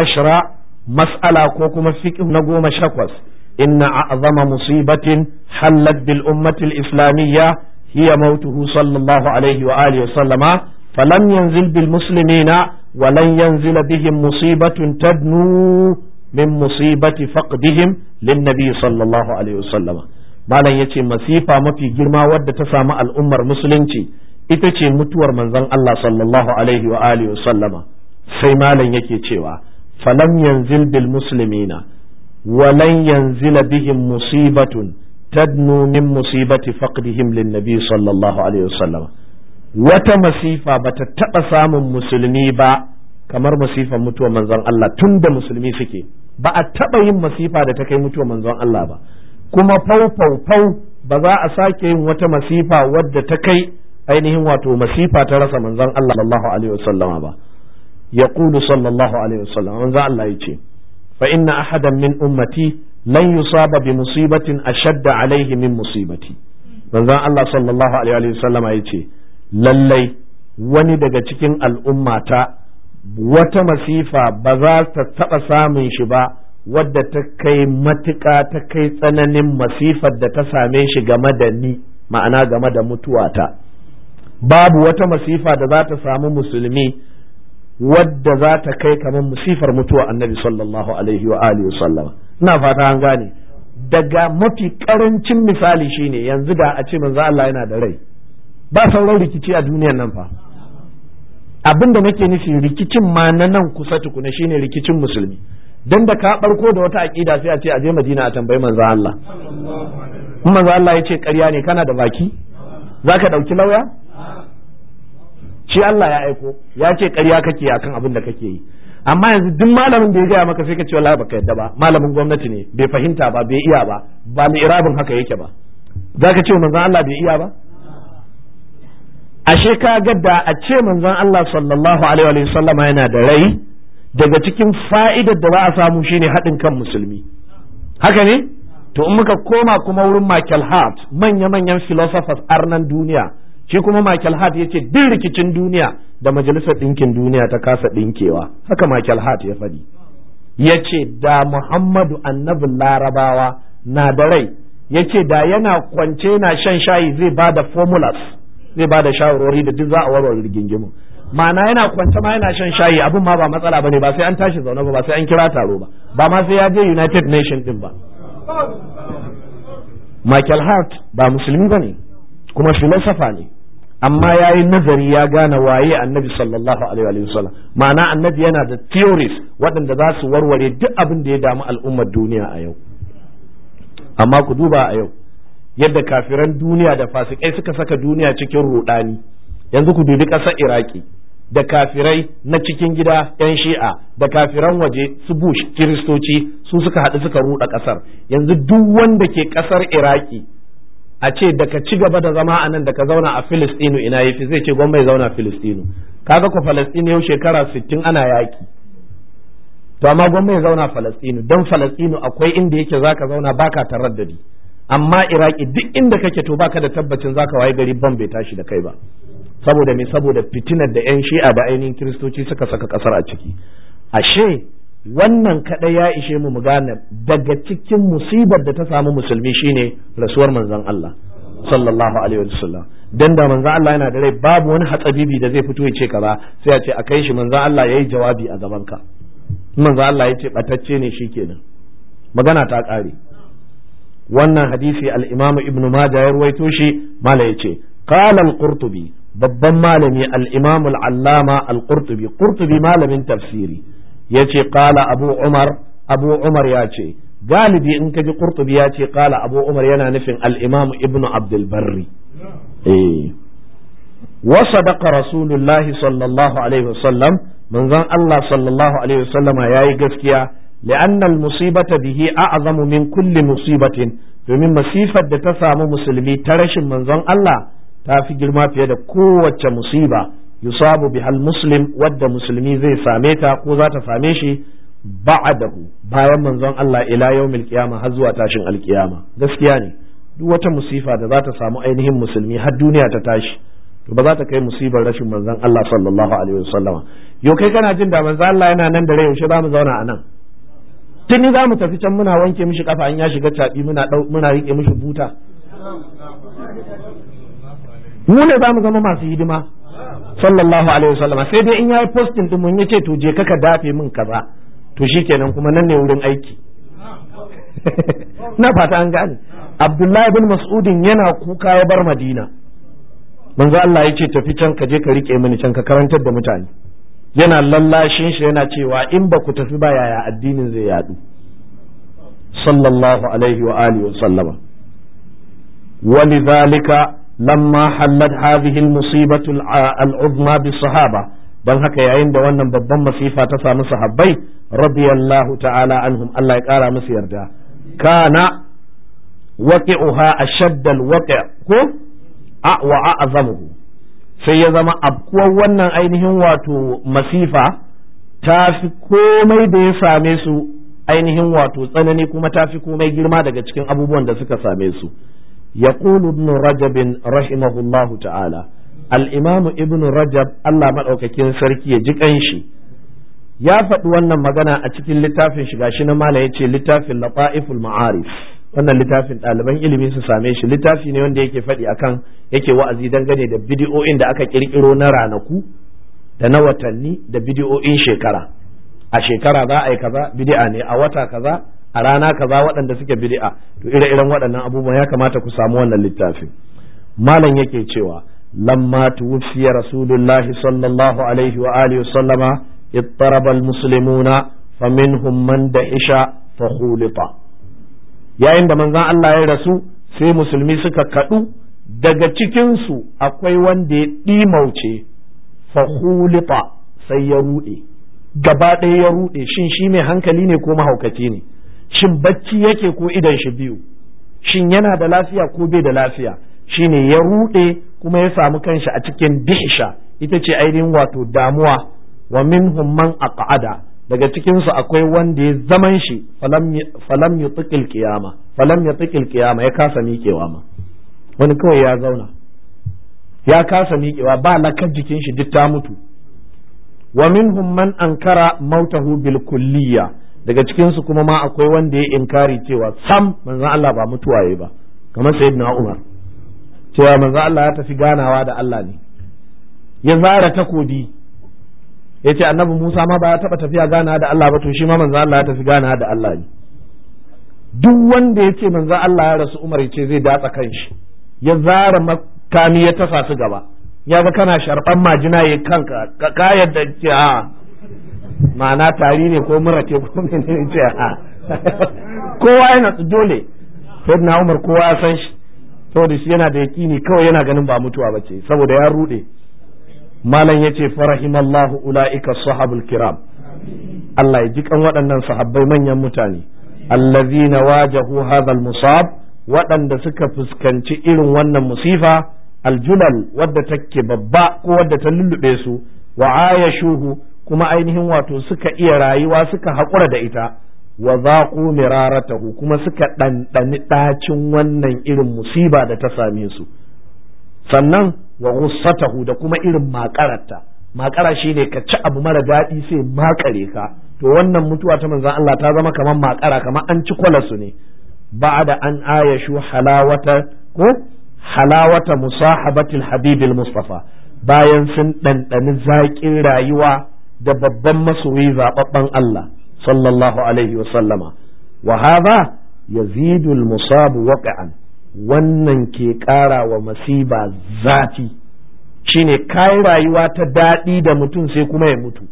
mas'ala ko kuma fiqh na goma shakwas inna a'zama musibatin hallat bil ummatil islamiyya hiya mautuhu sallallahu alaihi wa alihi wa sallama falam yanzil bil muslimina walan yanzila bihim musibatun tadnu min musibati faqdihim lin nabi sallallahu alaihi wasallam malam ce masifa mafi girma wadda ta samu al'ummar musulunci ita ce mutuwar manzon Allah sallallahu alaihi wa alihi wasallama sai malam yake cewa falam yanzil bil muslimina walan yanzila bihim musibatun tadnu min musibati faqdihim lin nabi sallallahu alaihi wa sallama. wata masifa ba ta taɓa samun musulmi ba kamar masifan mutuwar manzon Allah tun da musulmi suke ba a taɓa yin masifa da ta kai mutuwar manzon Allah ba kuma fau fau fau ba za a sake yin wata masifa wadda ta kai ainihin wato masifa ta rasa manzon Allah sallallahu alaihi wasallama ba yaqulu sallallahu alaihi wasallama manzon Allah yace fa inna ahadan min ummati lan yusaba bi musibatin ashadda alaihi min musibati manzon Allah sallallahu alaihi wasallama ce. lallai wani daga cikin al'ummata wata masifa ba za ta taɓa samun shi ba wadda ta kai matuƙa ta kai tsananin masifar da ta same shi game da ni ma'ana game da mutuwata babu wata masifa da za ta samu musulmi wadda za ta kai kamar musifar mutuwa annabi sallallahu alaihi wa alihi sallama ina fata an gane daga mafi karancin misali shine yanzu da a ce manzo Allah yana da rai ba sauran rikici a duniyar nan fa abin da nake nufi rikicin ma na nan kusa tukuna shine rikicin musulmi dan da ka barko da wata aqida sai a ce a je Madina a tambayi manzo Allah manzo Allah ya ce ƙarya ne kana da baki zaka dauki lauya Ci Allah ya aiko ya ce ƙarya kake akan abin da kake yi amma yanzu duk malamin da ya gaya maka sai ka ce wallahi baka yadda ba malamin gwamnati ne bai fahimta ba bai iya ba ba mai irabin haka yake ba zaka ce manzo Allah bai iya ba ashe ka ga da a ce manzon Allah sallallahu alaihi wa sallama yana da rai daga cikin fa'idar da za a samu shine haɗin kan musulmi haka ne to in muka koma kuma wurin Michael Hart manya-manyan philosophers arnan duniya shi kuma Michael Hart ya ce rikicin duniya da majalisar ɗinkin duniya ta kasa ɗinkewa haka Michael Hart ya faɗi ya ce da Muhammadu annabin larabawa na da rai ya ce da yana kwance na shan shayi zai ba da formulas zai ba da shawarwari da duk za a warware rigingimu ma'ana yana kwance ma yana shan shayi abin ma ba matsala bane ba sai an tashi zaune ba ba sai an kira taro ba ba ma sai ya je United Nation din ba Michael Hart ba musulmi ne. kuma filosofa ne amma ya yi nazari ya gane waye annabi sallallahu alaihi wasallam ma'ana annabi yana da theories waɗanda za su warware duk abin da ya damu al'ummar duniya a yau amma ku duba a yau yadda kafiran duniya da fasikai suka saka duniya cikin rudani yanzu ku dubi ƙasar iraki da kafirai na cikin gida 'yan shi'a da kafiran waje su bush kiristoci su suka haɗu suka ruɗa ƙasar yanzu duk wanda ke ƙasar iraki a ce da ci gaba da zama a nan da ka zauna a filistinu ina yafi zai ce gwamnati zauna a filistinu kaga ku falastinu yau shekara sittin ana yaƙi to amma gwamnati zauna a falastinu don falastinu akwai inda yake zaka zauna baka taraddadi amma iraki duk inda kake to baka da tabbacin zaka waye gari ban bai tashi da kai ba saboda me saboda fitinar da yan shi'a da ainihin kiristoci suka saka kasar a ciki ashe wannan kaɗai ya ishe mu mu gane daga cikin musibar da ta samu musulmi shine rasuwar manzon Allah sallallahu alaihi wasallam dan da manzon Allah yana da rai babu wani hatsabibi da zai fito ya ce kaza sai ya ce a kai shi manzon Allah yayi jawabi a gaban ka manzon Allah ya ce batacce ne shikenan magana ta kare wannan hadisi alimam Ibnu ibn majah ya ruwaito shi mala yace qala al-qurtubi babban malami al-imam al-allama al-qurtubi qurtubi malamin tafsiri yace qala abu umar abu umar yace galibi in kaji qurtubi yace kala abu umar yana nufin alimam Ibnu ibn abdul barri eh وصدق رسول الله صلى الله manzon Allah sallallahu alaihi wasallama yayi gaskiya li'anna al-musibata bihi a'zamu min kulli musibatin domin masifar da ta samu musulmi ta rashin manzon Allah ta fi girma fiye da kowace musiba yusabu bihal muslim wadda musulmi zai same ta ko za ta same shi ba'adahu bayan manzon Allah ila yaumil qiyama har zuwa tashin alkiyama gaskiya ne duk wata musifa da za ta samu ainihin musulmi har duniya ta tashi to ba za ta kai musibar rashin manzon Allah sallallahu alaihi wasallam yau kai kana jin da manzon Allah yana nan da rai yaushe za mu zauna a nan tuni za mu tafi can muna wanke mishi kafa in ya shiga caɓi muna riƙe mishi buta mu ne za mu zama masu hidima sallallahu alaihi wasallama sai dai in ya yi postin ɗin mun yace to je kaka dafe min kaza to shikenan kuma nan ne wurin aiki na fata an gane Abdullahi bin Mas'udin yana kuka ya bar Madina manzo Allah ya ce tafi can ka je ka rike mini can ka karantar da mutane yana lallashin shi yana cewa in ba ku tafi ba yaya addinin zai yadu sallallahu alaihi wa alihi wa sallama ولذلك لما حلت هذه المصيبة العظمى Sahaba, don haka yayin da wannan babban masifa ta samu sahabbai radiyallahu ta'ala anhum Allah ya kara musu yarda kana waqi'uha ashadd al ko a wa a'zamuhu sai ya zama abkuwar wannan ainihin wato masifa ta fi komai da ya same su ainihin wato tsanani kuma ta fi komai girma daga cikin abubuwan da suka same su ya ibn rajabin rahimahullahu ta'ala al'imamu ibn rajab Allah maɗaukakin sarki ya ji ƙanshi ya faɗi wannan magana a cikin littafin shiga shi na mala ya ce littafin laƙa'iful ma'arif wannan littafin ɗaliban ilimi su same shi littafi ne wanda yake faɗi a kan yake wa'azi dangane da bidiyo'in da aka ƙirƙiro na ranaku da na watanni da bidiyo'in shekara a shekara za a yi kaza bidi'a ne a wata kaza a rana kaza waɗanda suke bidi'a to ire-iren waɗannan abubuwan ya kamata ku samu wannan littafin malam yake cewa lamma tuwfiya rasulullahi sallallahu alaihi wa alihi sallama ittaraba almuslimuna faminhum man da'isha fa khulita yayin da manzan Allah ya rasu sai musulmi suka kaɗu daga cikinsu akwai wanda ya ɗimauce fahulita sai ya ruɗe gaba ɗaya ya ruɗe shin shi mai hankali ne ko mahaukaci ne shin bacci yake ko idan shi biyu shin yana da lafiya ko bai da lafiya shine ya ruɗe kuma ya samu kanshi a cikin dihisha ita ce ainihin wato damuwa wa minhum man aqada daga cikinsu akwai wanda ya zaman shi falam ya tukil kiyama falam ya tukil kiyama ya kasa miƙewa ma wani kawai ya zauna ya kasa miƙewa ba lakar jikin shi duk ta mutu wa minhum man ankara mautahu bil kulliya daga cikinsu kuma ma akwai wanda ya inkari cewa sam manzon Allah ba mutuwa yayi ba kamar sayyidina Umar cewa manzon Allah ya tafi ganawa da Allah ne ya zara takobi ya ce annabi musa ma ba ya taɓa tafiya gana da allah ba to shi ma manzo allah ya tafi gana da allah ne duk wanda ya ce manzo allah ya rasu umar ya ce zai datsa kanshi ya zara makami ya tasa su gaba ya ga kana sharban majina ya kanka ka kayar da ce a ah, ma'ana tari ne ko mura ce ko menene ce a ah. kowa yana dole na umar kowa ya san shi saboda shi yana da ne kawai yana ganin ba mutuwa bace saboda ya rude malam ya ce farahimallahu ulaika sahabul kiram Allah ya ji kan waɗannan sahabbai manyan mutane allazina wajahu Hadal musab waɗanda suka fuskanci irin wannan musifa aljulal wadda take babba ko wadda ta lullube su wa ayashuhu kuma ainihin wato suka iya rayuwa suka haƙura da ita wa zaqu miraratahu kuma suka ɗanɗani ɗacin wannan irin musiba da ta same su sannan wa ghussatahu da kuma irin makararta makara shine ka ci abu mara daɗi sai makare ka to wannan mutuwa ta manzon Allah ta zama kamar makara kamar an ci kwalasu ne ba'da an ayashu halawata ko halawata musahabatil habibil mustafa bayan sun ɗanɗani zaƙin rayuwa da babban masoyi zaɓaɓɓen Allah sallallahu alaihi wa sallama wa hadha yazidu waqa'an wannan ke ƙara wa masiba zafi shine kayi rayuwa ta daɗi da mutum sai kuma ya mutu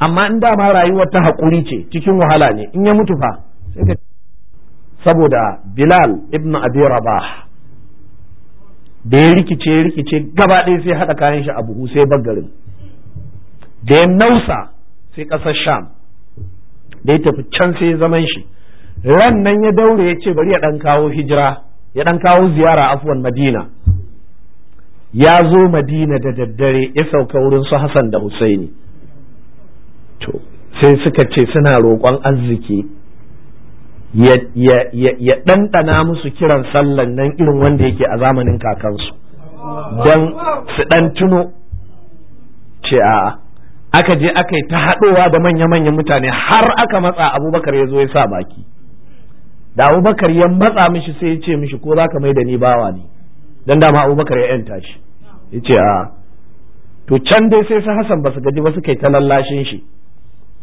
amma in dama rayuwa ta haƙuri ce cikin wahala ne in ya mutu fa saboda bilal ibn abi rabah da ya rikice rikice gaba ɗaya sai haɗa kayan shi a buhu sai bagarin da ya nausa sai ƙasar sham da ya tafi can sai zaman shi ran nan ya daure ya ce bari ya ɗan kawo hijira ya ɗan kawo ziyara afuwan madina ya zo madina da daddare ya sauka wurin su hassan da husaini to sai suka ce suna roƙon arziki ya ɗanɗana musu kiran sallan nan irin wanda yake a zamanin kakansu don su ɗan tuno ce a aka je aka yi ta haɗowa da manya-manyan mutane har aka matsa abubakar ya zo ya sa baki da abubakar ya matsa mishi sai ya ce mishi ko za ka mai da ni bawa ne dan dama abubakar ya yanta shi ya ce a to can dai sai su hasan ba su gaji ba suka yi ta lallashin shi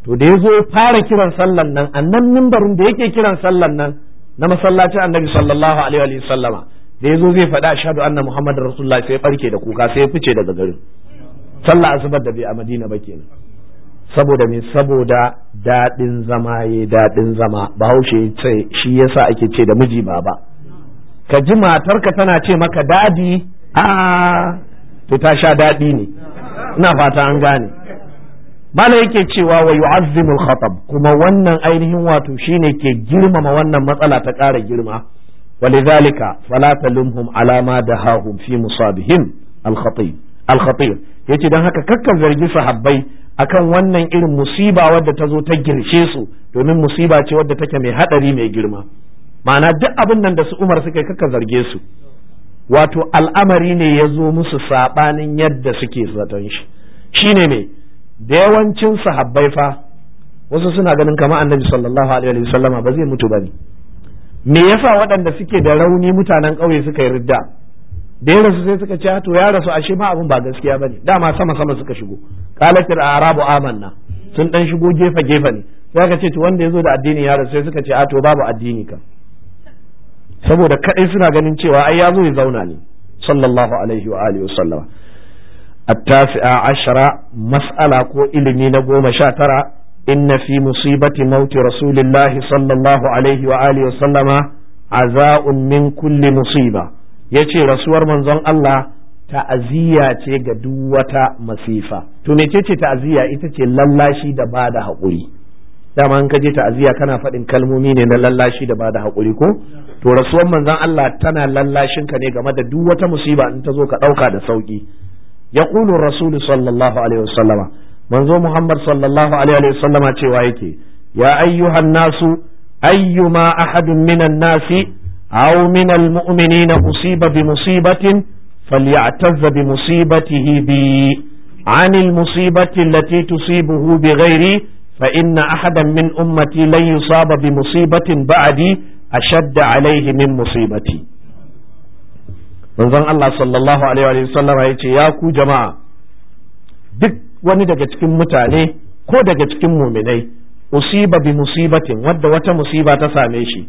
to da ya zo fara kiran sallan nan annan mimbarin da yake kiran sallan nan na masallacin annabi sallallahu alaihi wa sallama da ya zo zai faɗa ashhadu anna muhammadar rasulullah sai ya barke da kuka sai ya fice daga garin sallah asubar da bai a madina ba kenan saboda me saboda daɗin zama ya daɗin zama bahaushe ce shi yasa ake ce da miji ba ba ka ji matarka tana ce maka daɗi. a to ta sha daɗi ne ina fata an gane mala yake cewa wa yu'azzimul khatab kuma wannan ainihin wato shine ke girmama wannan matsala ta ƙara girma walidhalika fala talumhum alama da dahahum fi musabihim al-khatib al-khatib yace dan haka kakkan zargi sahabbai akan wannan irin musiba wadda ta zo ta girshe su domin musiba ce wadda take mai hadari mai girma ma'ana duk abin nan da su umar suka yi kaka zarge su wato al'amari ne ya zo musu saɓanin yadda suke zaton shi shine ne da yawancin sahabbai fa wasu suna ganin kamar annabi sallallahu alaihi wasallama ba zai mutu ba ne? me yasa waɗanda suke da rauni mutanen ƙauye suka yi ridda da ya rasu sai suka ce ah, to ya rasu ashe ma abun ba gaskiya bane dama sama sama suka shigo qalatil arabu amanna sun dan shigo gefe gefe ne sai ka ce to wanda yazo da addini ya rasu sai suka ce a ah, to babu addini ka saboda kadai suna ganin cewa ai ya zo ya zauna ne sallallahu alaihi wa alihi wasallama التاسعة عشرة مسألة كو إلمي نقوم شاترة إن في مصيبة موت رسول الله صلى الله عليه وآله وسلم عزاء من كل مصيبة ya ce rasuwar manzon Allah ta'aziyya ce ga duk wata masifa to mecece ta'aziyya ita ce lallashi da ba da haƙuri dama in ka je ta'aziyya kana faɗin kalmomi ne na lallashi da ba da haƙuri ko to rasuwar manzon Allah tana lallashin ka ne game da duk wata musiba in ta zo ka ɗauka da sauƙi yaqulu rasulu sallallahu alaihi wasallama manzo Muhammad sallallahu alaihi wasallama cewa yake ya ayyuhan nasu ayyuma ahadun minan nasi aw min na usiba bi musibatin falyatazza bi musibatihi bi عن buhu التي تصيبه بغيري فإن أحدا من أمتي لن يصاب بمصيبة بعدي أشد عليه من مصيبتي manzon Allah sallallahu alaihi wa sallam ya ce ya ku jama'a duk wani daga cikin mutane ko daga cikin muminai usiba bi musibatin wadda wata musiba ta same shi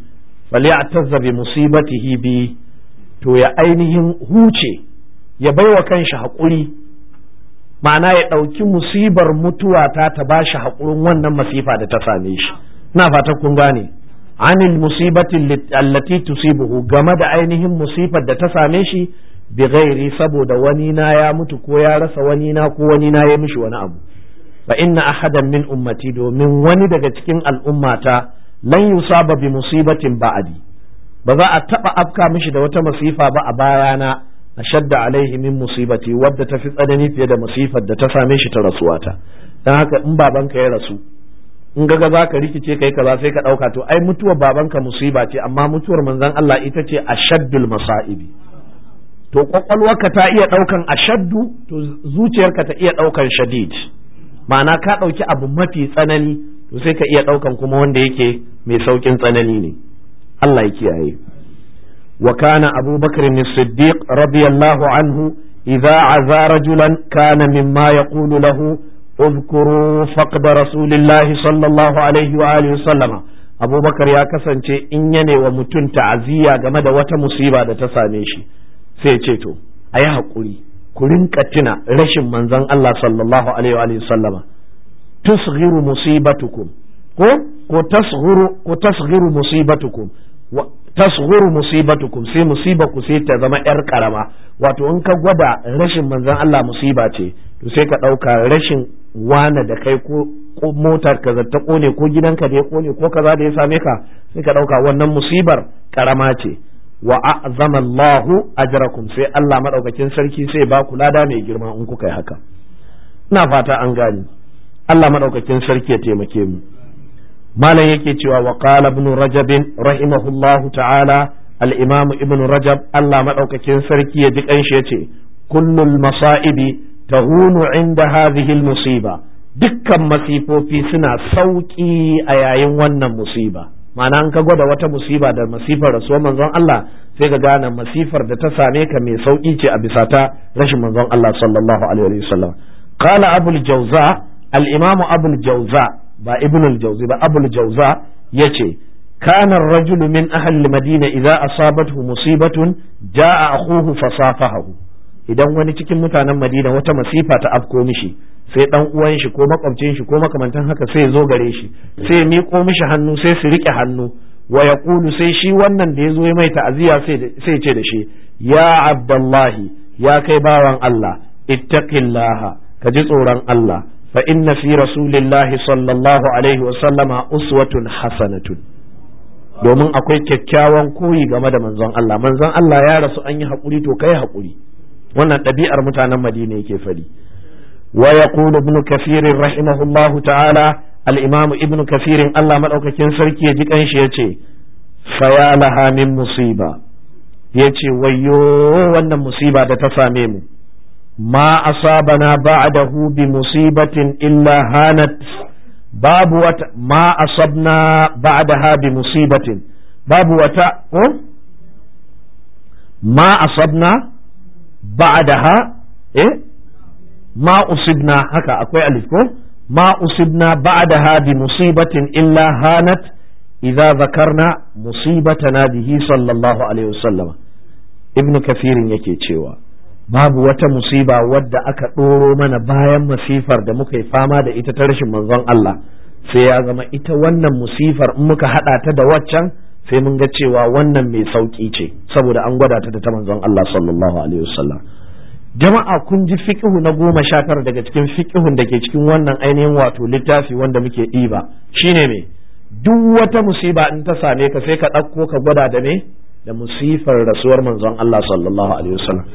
falyatazza bi musibatihi bi to ya ainihin huce ya baiwa kanshi haƙuri ma'ana ya ɗauki musibar mutuwa ta ta ba shi haƙurin wannan masifa da ta same shi na fatan kun gane anil musibatin allati tusibuhu game da ainihin musifar da ta same shi bi ghairi saboda wani na ya mutu ko ya rasa wani na ko wani na ya mishi wani abu fa inna ahadan min ummati domin wani daga cikin al'ummata lan yusaba bi musibatin ba'adi ba za a taba afka mishi da wata masifa ba a bayana ashadda alaihi min musibati wadda ta fi tsanani fiye da masifar da ta same shi ta rasuwa rasuwata dan haka in babanka ya rasu in ga za ka rikice kai kaza sai ka dauka to ai mutuwar babanka musiba ce amma mutuwar manzon Allah ita ce ashaddul masaibi to kwakwalwarka ta iya daukan ashaddu to zuciyarka ta iya daukan shadid ma'ana ka dauki abu mafi tsanani to sai ka iya ɗaukan kuma wanda yake mai saukin tsanani ne Allah ya kiyaye wa kana Abu Bakr as-Siddiq radiyallahu anhu idza aza rajulan kana mimma yaqulu lahu اذكروا فقد رسول الله صلى الله عليه Abu Bakar ya kasance in yane wa mutum ta'aziyya game da wata musiba da ta same shi sai ce to ayi hakuri ku rinka tuna rashin manzon Allah sallallahu alaihi wa sallama tasghiru musibatukum ko ko tasghuru ko tasghiru musibatukum tasghuru musibatukum sai musiba ku sai ta zama yar karama wato in ka gwada rashin manzon Allah musiba ce to sai ka dauka rashin wana da kai ko motar ka ta kone ko gidanka da ya kone ko kaza da ya same ka sai ka dauka wannan musibar karama ce wa a'zama Allahu ajrakum sai Allah madaukakin sarki sai ba ku lada mai girma in kuka yi haka ina fata an gani Allah madaukakin sarki ya taimake mu malam yake cewa wa qala ibn rajab rahimahullahu ta'ala al-imam ibn rajab Allah maɗaukakin sarki ya ji kanshi yace kullul masaibi tahunu inda hadhihi al-musiba dukkan masifofi suna sauki a yayin wannan musiba ma'ana an ka gwada wata musiba da masifar rasuwar manzon Allah sai ka gane masifar da ta same ka mai sauki ce a bisa ta rashin manzon Allah sallallahu alaihi wasallam qala abul jawza al-imam abul jawza ba ibn ba Abdul ba abul jawza yace kana ar-rajul min ahli madina idza asabathu musibatun jaa akhuhu fasafahahu idan wani cikin mutanen madina wata masifa ta afko mishi sai dan uwan shi ko makwabcin shi ko makamantan haka sai zo gare shi sai miƙo mishi hannu sai su rike hannu wa yaqulu sai shi wannan da yazo mai ta'aziya sai ce da shi ya abdullahi ya kai bawan Allah ittaqillaha ka ji tsoron Allah في رسول الله صلى الله عليه وسلم uswatun حسنة domin akwai kyakkyawan koyi game da manzon Allah manzon Allah ya rasu an yi haƙuri to kai haƙuri wannan ɗabi'ar mutanen Madina yake fari. wa yaqulu ibn kafir rahimahullahu ta'ala al-imam ibn kafir Allah madaukakin sarki ya ji kanshi yace fa laha min musiba yace wayyo wannan musiba da ta same mu ma asabana ba'dahu bi musibatin illa hanat babu wata ma asabna ba'daha bi musibatin babu wata ma asabna ba'daha eh ma usibna haka akwai alif ko ma usibna ba'daha bi musibatin illa hanat idza zakarna na bihi sallallahu alaihi wasallam ibnu kafirin yake cewa babu wata musiba wadda aka ɗoro mana bayan masifar da muka yi fama da ita ta rashin manzon Allah sai ya zama ita wannan musifar in muka haɗa ta da waccan sai mun ga cewa wannan mai sauƙi ce saboda an gwada ta da ta manzon Allah sallallahu alaihi wasallam jama'a kun ji fiqhu na goma sha tara daga cikin fiqhun da ke cikin wannan ainihin wato littafi wanda muke ɗiba shine me duk wata musiba in ta same ka sai ka ɗauko ka gwada da me da musifar rasuwar manzon Allah sallallahu alaihi wasallam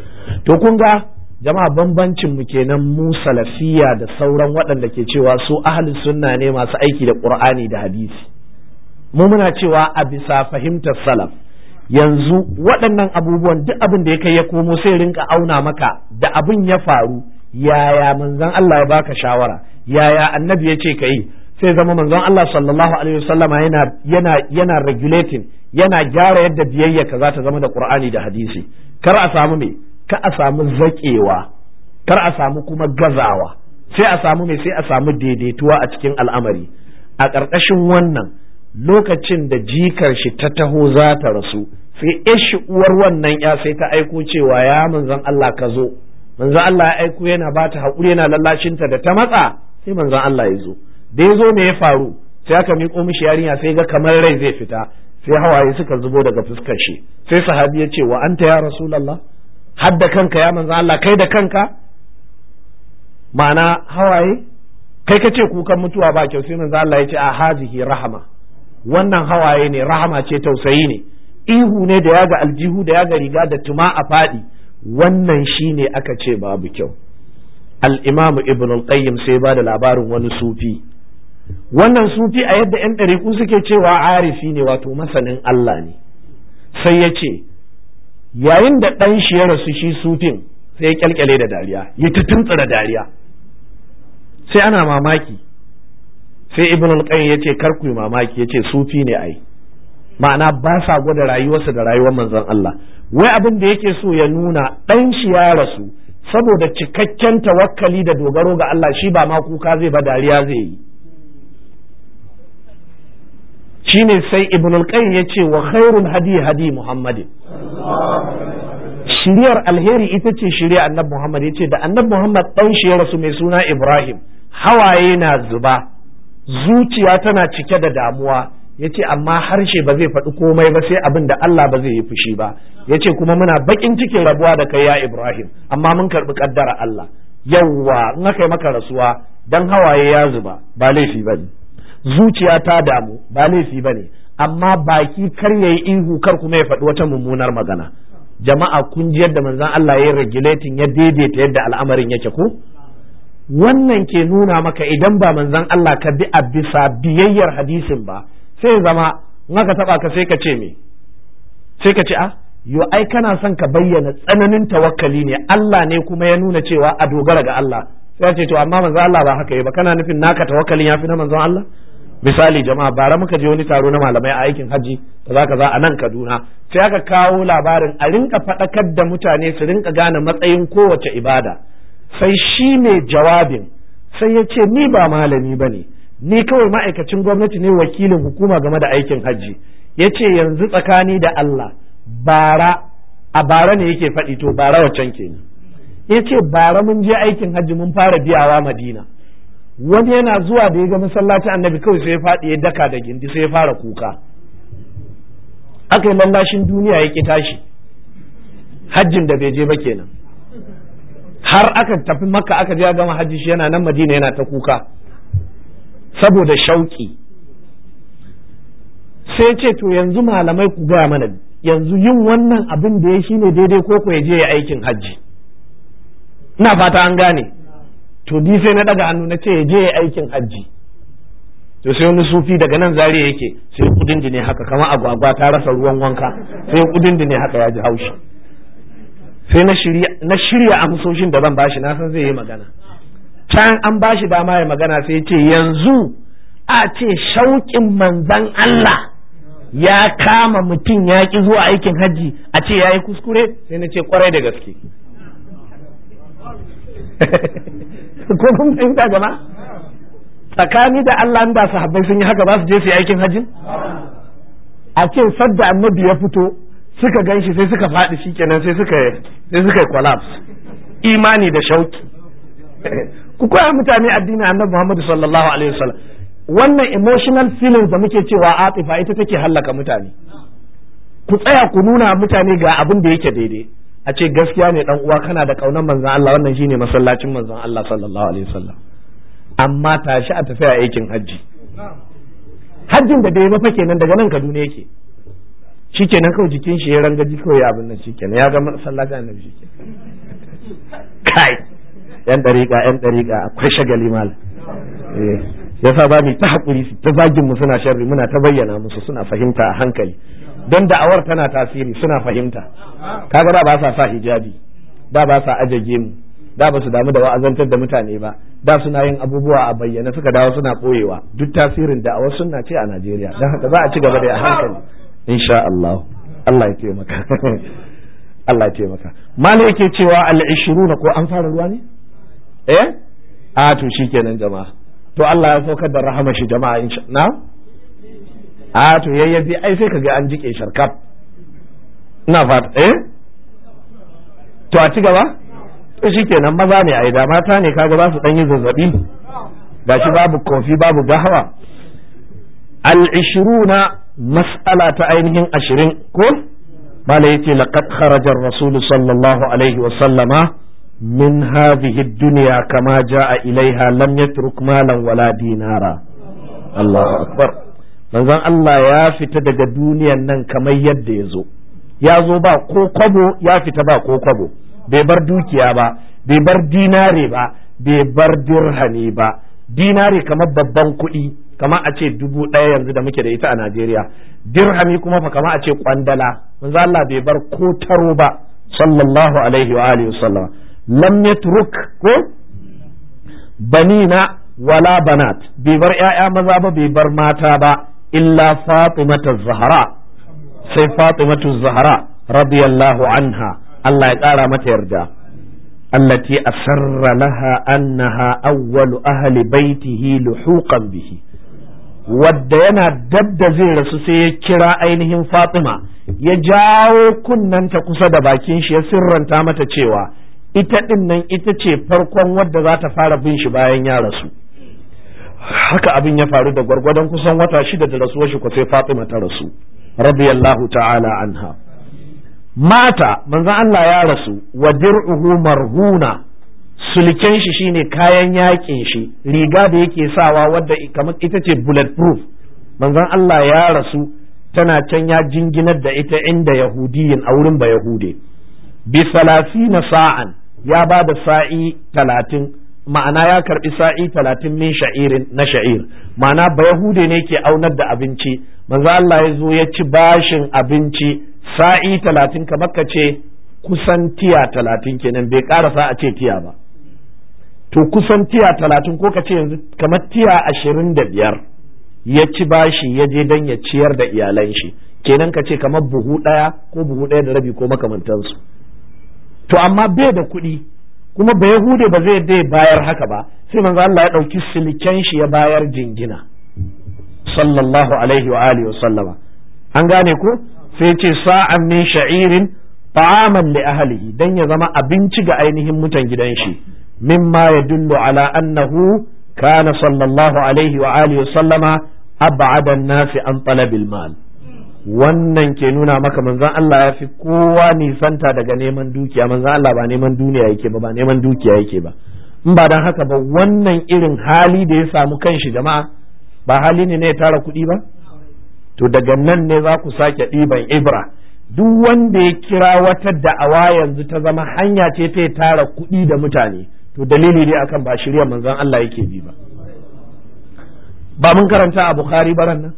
to kun ga jama'a bambancin mu kenan mu salafiya da sauran waɗanda ke cewa su ahlus sunna ne masu aiki da qur'ani da hadisi mu muna cewa a bisa fahimtar salaf yanzu waɗannan abubuwan duk abin da ya kai ya komo sai rinka auna maka da abin ya faru yaya manzon Allah ya baka shawara yaya annabi ya ce ka yi sai zama manzon Allah sallallahu alaihi wasallama yana yana yana regulating yana gyara yadda biyayya ka za ta zama da Qur'ani da hadisi kar a samu me ka a samu zakewa kar a samu kuma gazawa sai a samu me sai a samu daidaituwa a cikin al'amari a ƙarƙashin wannan lokacin da jikar shi ta taho za ta rasu sai ishi uwar wannan ya sai ta aiko cewa ya manzon Allah ka zo manzon Allah ya aiko yana ba ta haƙuri yana lallashinta da ta matsa sai manzon Allah ya zo da ya zo me ya faru sai aka miƙo mishi yarinya sai ga kamar rai zai fita sai hawaye suka zubo daga fuskar shi sai sahabi ya ce wa anta ya rasulullah har kanka ya manzo Allah kai da kanka ma'ana hawaye kai kace kukan mutuwa ba kyau sai manzo Allah ya ce a hazihi rahama wannan hawaye ne rahama ce tausayi ne ihu ne da yaga aljihu da yaga riga da tuma a faɗi wannan shine aka ce babu kyau al-imam ibn al-qayyim sai ba da labarin wani sufi wannan sufi a yadda 'yan ɗariƙu suke cewa arifi ne wato masanin Allah ne sai ya ce yayin da ɗan shi ya rasu shi sufin sai ya kyalkyale da dariya ya tuntsura dariya sai ana mamaki sai ibn al-qayyim ya ce kar ku yi mamaki ya ce sufi ne ai ma'ana ba sa gwada rayuwarsa da rayuwar manzon Allah wai abin da yake so ya nuna ɗan shi ya rasu saboda cikakken tawakkali da dogaro ga Allah shi ba ma kuka zai ba dariya zai yi shine sai ibn al-qayyim yace wa khairul hadi hadi muhammadin shiriyar alheri ita ce shiriyar annabi muhammad yace da annabi muhammad dan shi ya rasu mai suna ibrahim hawaye na zuba zuciya tana cike da damuwa yace amma harshe ba zai faɗi komai ba sai abin da Allah ba zai yi fushi ba yace kuma muna bakin cikin rabuwa da kai ya ibrahim amma mun karbi kaddara Allah yawwa in aka yi maka rasuwa dan hawaye ya zuba ba laifi bane zuciya ta damu ba laifi ba ne amma baki kar ya yi ihu kar kuma ya faɗi wata mummunar magana jama'a kun ji yadda manzon Allah ya yi regulating ya daidaita yadda al'amarin yake ko wannan ke nuna maka idan ba manzan Allah ka bi a bisa biyayyar hadisin ba sai zama naka taba ka sai ka ce me sai ka ce a ah, yo ai kana son ka bayyana tsananin tawakkali ne Allah ne kuma ya nuna cewa a dogara ga Allah sai ce to amma manzan Allah ba haka yi ba kana nufin naka tawakkalin yafi na manzan Allah misali jama'a bara muka je wani taro na malamai a aikin haji kaza kaza a nan Kaduna sai aka kawo labarin a rinka faɗakar da mutane su rinka gane matsayin kowace ibada sai shi me jawabin sai ya ce ni ba malami ba ne ni kawai ma'aikacin gwamnati ne wakilin hukuma game da aikin hajji ya ce yanzu tsakani da Allah bara a bara ne yake faɗi to bara wancan kenan ya ce bara mun je aikin hajji mun fara biyawa madina wani yana zuwa da ya ga masallacin annabi kawai sai ya faɗi ya daka da gindi sai ya fara kuka aka yi mallashin duniya ya ki tashi hajjin da bai je ba kenan har aka tafi maka aka je gama hajji shi yana nan madina yana ta kuka saboda shauƙi sai ce to yanzu malamai ku gaya mana yanzu yin wannan abin da ya shine daidai ko ku ya je ya aikin hajji ina fata an gane to ni sai na daga hannu na ce ya je ya aikin hajji to sai wani sufi daga nan zariya yake sai kudin ne haka kama agwagwa ta rasa ruwan wanka sai kudin ne haka ya ji haushi sai na shirya amsoshin da zan bashi na san zai yi magana can an bashi dama ya magana sai ce yanzu a ce shauƙin manzan Allah ya kama mutum ya ƙi zuwa aikin hajji a ce ya yi kuskure sai na ce kwarai da gaske ko kun fahimta jama'a tsakani da Allah da sahabbai sun yi haka ba su je su yi aikin hajji a ce sadda annabi ya fito suka ganshi sai suka faɗi shikenan sai suka sai suka collapse imani da shauki ku koya mutane addinin annabi Muhammad sallallahu alaihi wasallam wannan emotional feelings da muke cewa atifa ita take hallaka mutane ku tsaya ku nuna mutane ga abin da yake daidai a ce gaskiya ne dan uwa kana da kaunar manzon Allah wannan shine masallacin manzon Allah sallallahu alaihi wasallam amma tashi a tafiya aikin hajji hajjin da bai mafa kenan daga nan Kaduna yake shikenan kawai jikin shi ya ranga kawai abin nan shikenan ya ga masallacin annabi shikenan kai yan dariqa yan dariqa akwai shagali mal eh, yasa ba mu ta hakuri su ta zagin mu suna sharri muna ta bayyana musu suna fahimta a hankali don da'awar tana tasiri suna fahimta kaga da ba sa sa hijabi da ba sa ajage mu da ba su damu da wa'azantar da mutane ba da suna yin abubuwa a bayyana suka dawo suna koyewa duk tasirin da'awar sunna ce a Najeriya don haka za a ci gaba da hankali insha Allah Allah ya taimaka Allah ya taimaka malai yake cewa al-20 ko an fara ruwa ne eh a ah, to shikenan jama'a to Allah ya saukar da rahama shi jama'a insha na a to yayyafi ai sai kaga an jike sharkaf ina fata eh to a ci gaba to shikenan maza ne a da mata ne kaga za su dan yi zazzabi shi babu kofi babu gahawa al na mas'ala ta ainihin ashirin ko bala yace laqad kharaja ar-rasul sallallahu alaihi wa sallama min hadhihi ad-dunya kama jaa ilaiha lam yatruk malan wala dinara Allahu akbar manzon Allah ya fita daga duniyan nan kamar yadda ya zo ya zo ba ko kwabo ya fita ba ko kwabo bai bar dukiya ba bai bar dinare ba bai bar dirhami ba dinare kamar babban kuɗi kamar a ce dubu ɗaya yanzu da muke da ita a Najeriya dirhami kuma fa kamar a ce kwandala manzon Allah bai bar ko taro ba sallallahu alaihi wa alihi wasallam lam yatruk ko banina wala banat bai bar ƴaƴa maza ba bai bar mata ba illa fatimatu zahra sai fatimatu zahra radiyallahu anha Allah ya ƙara mata yarda allati asarra laha annaha awwalu ahli baitihi luhuqan bihi wadda yana dabda zai rasu sai ya kira ainihin fatima ya jawo kunnenta kusa da bakin shi ya sirranta mata cewa ita ɗinnan ita ce farkon wadda za ta fara bin shi bayan ya rasu haka abin ya faru da gwargwadon kusan wata shida da rasuwar shi ko sai Fatima ta rasu radiyallahu ta'ala anha mata manzon Allah ya rasu wa dir'uhu marhuna sulken shi shine kayan yakin shi riga da yake sawa wadda kamar ita ce bulletproof manzon Allah ya rasu tana can ya jinginar da ita inda yahudiyin a wurin ba yahude bi salasina sa'an ya ba da sa'i talatin ma'ana ya karbi sa'i talatin min sha'irin na sha'ir ma'ana ba yahude ne ke aunar da abinci manzo Allah ya zo ya ci bashin abinci sa'i talatin kamar ka ce kusan tiya talatin kenan bai karasa a ce tiya ba to kusan tiya talatin ko ka ce yanzu kamar tiya ashirin da biyar ya ci bashi ya je don ya ciyar da iyalan shi kenan ka ce kamar buhu ɗaya ko buhu ɗaya da rabi ko makamantansu to amma bai da kuɗi kuma ba yahude ba zai dai bayar haka ba sai manzo Allah ya dauki silken shi ya bayar jingina sallallahu alaihi wa alihi wa sallama an gane ko sai ce sa'an min sha'irin ta'aman li ahlihi dan ya zama abinci ga ainihin mutan gidan shi mimma yadullu ala annahu kana sallallahu alaihi wa alihi wa sallama ab'ada an-nasi an talabil mal wannan ke nuna maka manzan Allah ya fi kowa nisanta daga neman dukiya manzan Allah ba neman duniya yake ba ba neman dukiya yake ba in ba don haka ba wannan irin hali da ya samu kan shi jama'a ba hali ne ya tara kuɗi ba to daga nan ne za ku sake ɗiban ibra duk wanda ya kira wata da'awa yanzu ta zama hanya ce ta tara kuɗi da mutane to dalili ne akan ba shirya manzan Allah yake bi ba ba mun karanta a Bukhari baran nan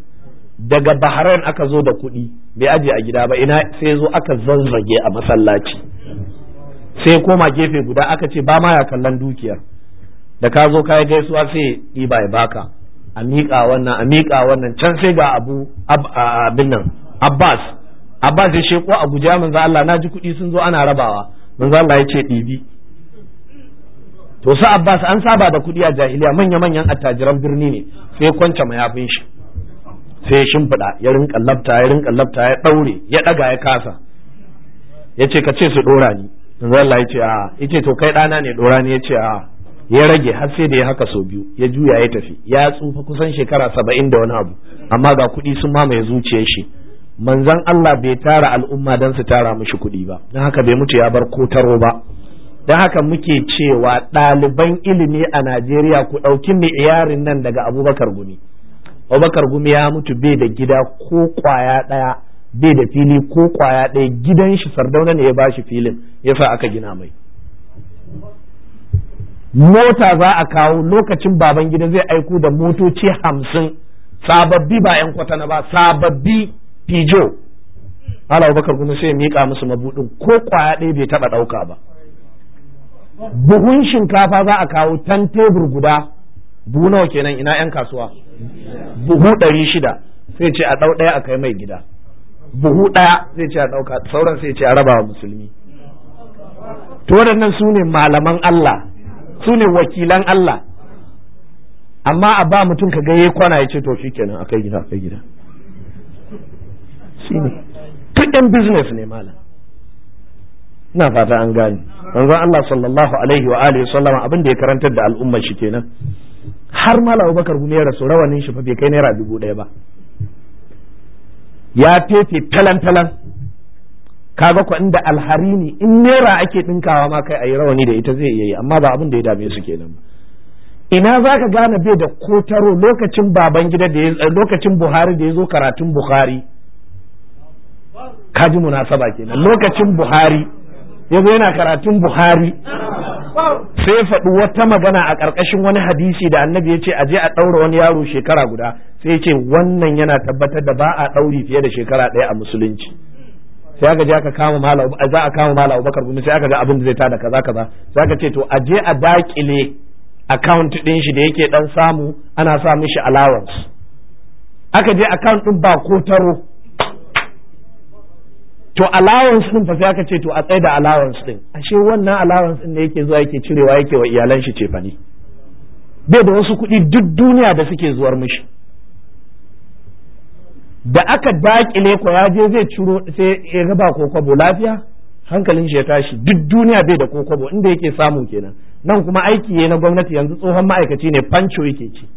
daga Bahrain aka zo da kuɗi bai aje a gida ba ina sai zo aka zanzage a masallaci sai koma gefe guda aka ce ba ma ya kallon dukiyar da ka zo ka yi gaisuwa sai ɗiba ya baka a miƙa wannan a miƙa wannan can sai ga abu abin nan Abbas Abbas ya sheko a guja manzo Allah na ji kuɗi sun zo ana rabawa manzo Allah ya ce ɗibi to su Abbas an saba da kuɗi a jahiliya manya manyan attajiran birni ne sai kwance mayafin shi sai ya shimfiɗa ya rinka labta ya rinka labta ya ɗaure ya ɗaga ya kasa ya ce ka ce su ɗora ni yanzu Allah ya ce a ya ce to kai ɗana ne ɗora ni ya ce a ya rage har sai da ya haka sau biyu ya juya ya tafi ya tsufa kusan shekara saba'in da wani abu amma ga kuɗi sun mamaye zuciyar shi manzon Allah bai tara al'umma don su tara mushi kuɗi ba don haka bai mutu ya bar kotaro ba don haka muke cewa ɗaliban ilimi a Najeriya ku ɗauki mai iyarin nan daga Abubakar Gumi Abubakar Gumi ya mutu bai da gida ko kwaya ɗaya bai da fili ko kwaya ɗaya gidan shi Sardauna ne ya ba shi filin ya sa aka gina mai mota za a kawo lokacin baban gida zai aiko da motoci hamsin sababbi ba 'yan kwatana ba sababbi pijo Hal'a abubakar gumi sai ya miƙa musu mabuɗin ko kwaya ɗaya bai taɓa ɗauka ba buhun shinkafa za a kawo tan tebur guda buhu nawa kenan ina 'yan kasuwa buhu ɗari shida sai ce a ɗau ɗaya a kai mai gida buhu ɗaya zai ce a ɗauka sauran sai ce a raba wa musulmi to waɗannan su ne malaman Allah su ne wakilan Allah amma a ba mutum ka ga yayi kwana ya ce to shi shikenan a kai gida a kai gida shine duk business ne malam ina fata an gane manzon Allah sallallahu alaihi wa alihi sallama abin da ya karantar da al'ummar shi kenan har mala abubakar gumi ya rasu rawanin shi fa bai kai naira dubu ɗaya ba ya fefe talan talan kaga ku inda alharini in naira ake dinkawa ma kai ayi rawani da ita zai iya yi amma ba abin da ya dame su kenan ina za ka gane bai da kotaro lokacin baban gida da lokacin buhari da ya zo karatun buhari kaji munasaba kenan lokacin buhari yazo yana karatun buhari sai ya faɗi wata magana a ƙarƙashin wani hadisi da annabi ya ce a je a ɗaura wani yaro shekara guda sai ya ce wannan yana tabbatar da ba a ɗauri fiye da shekara ɗaya a musulunci sai aka je aka kama mala za a kama mala bakar gumi sai aka ga abin da zai tada kaza kaza sai aka ce to a je a dakile account ɗin shi da yake ɗan samu ana sa mishi allowance aka je account ɗin ba ko taro to allowance din fa sai aka ce to a tsaye da allowance din ashe wannan allowance din da yake zuwa yake cirewa yake wa iyalan shi ce fani bai da wasu kuɗi duk duniya da suke zuwar mishi da aka dakile ko ya je zai ciro sai ya raba ko kwabo lafiya hankalin shi ya tashi duk duniya bai da ko kwabo inda yake samu kenan nan kuma aiki ne na gwamnati yanzu tsohon ma'aikaci ne fanco yake ci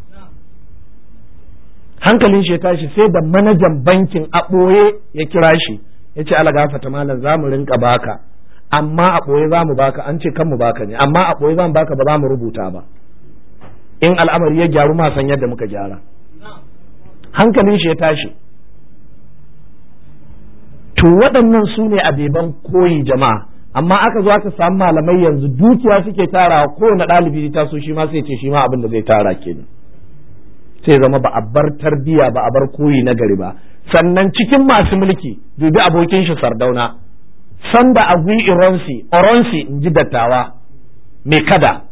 hankalin shi ya tashi sai da manajan bankin a ɓoye ya kira shi ya ce ala gafata malam za mu rinka baka amma a ɓoye za mu baka an ce kan mu baka ne amma a ɓoye za mu baka ba za mu rubuta ba in al'amari ya gyaru ma san yadda muka gyara hankalin shi ya tashi to waɗannan su ne abeban koyi jama'a amma aka zo aka samu malamai yanzu dukiya suke tarawa kowane ɗalibi ta so shi ma sai ce shi ma abin da zai tara kenan sai zama ba a bar tarbiyya ba a bar koyi na gari ba sannan cikin masu mulki dubi abokin shi sardauna sanda a ironsi oronsi in ji dattawa mai kada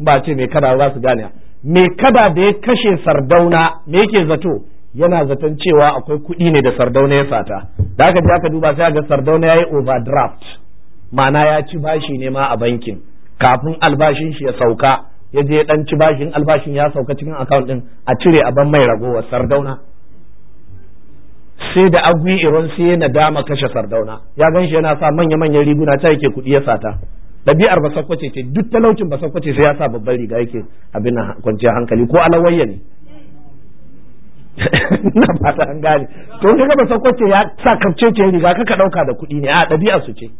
ba ce mai kada za su gane mai kada da ya kashe sardauna me yake zato yana zaton cewa akwai kuɗi ne da sardauna ya sata da aka ji aka duba sai ga sardauna ya yi overdraft ma'ana ya ci bashi ne ma a bankin kafin albashin shi ya sauka ya je dan ci bashin albashin ya sauka cikin account din a cire a ban mai ragowar sardauna sai da agwi iron sai ya nadama kashe sardauna ya gan shi yana sa manya-manyan riguna ta yake kuɗi ya sata ɗabi'ar sakwace ce duk talaucin sakwace sai ya sa babban riga yake abin kwanciyar hankali ko alawayya ne na fata an gane to kaga sakwace ya sa kafcece riga kaka ɗauka da kuɗi ne a ɗabi'ar su ce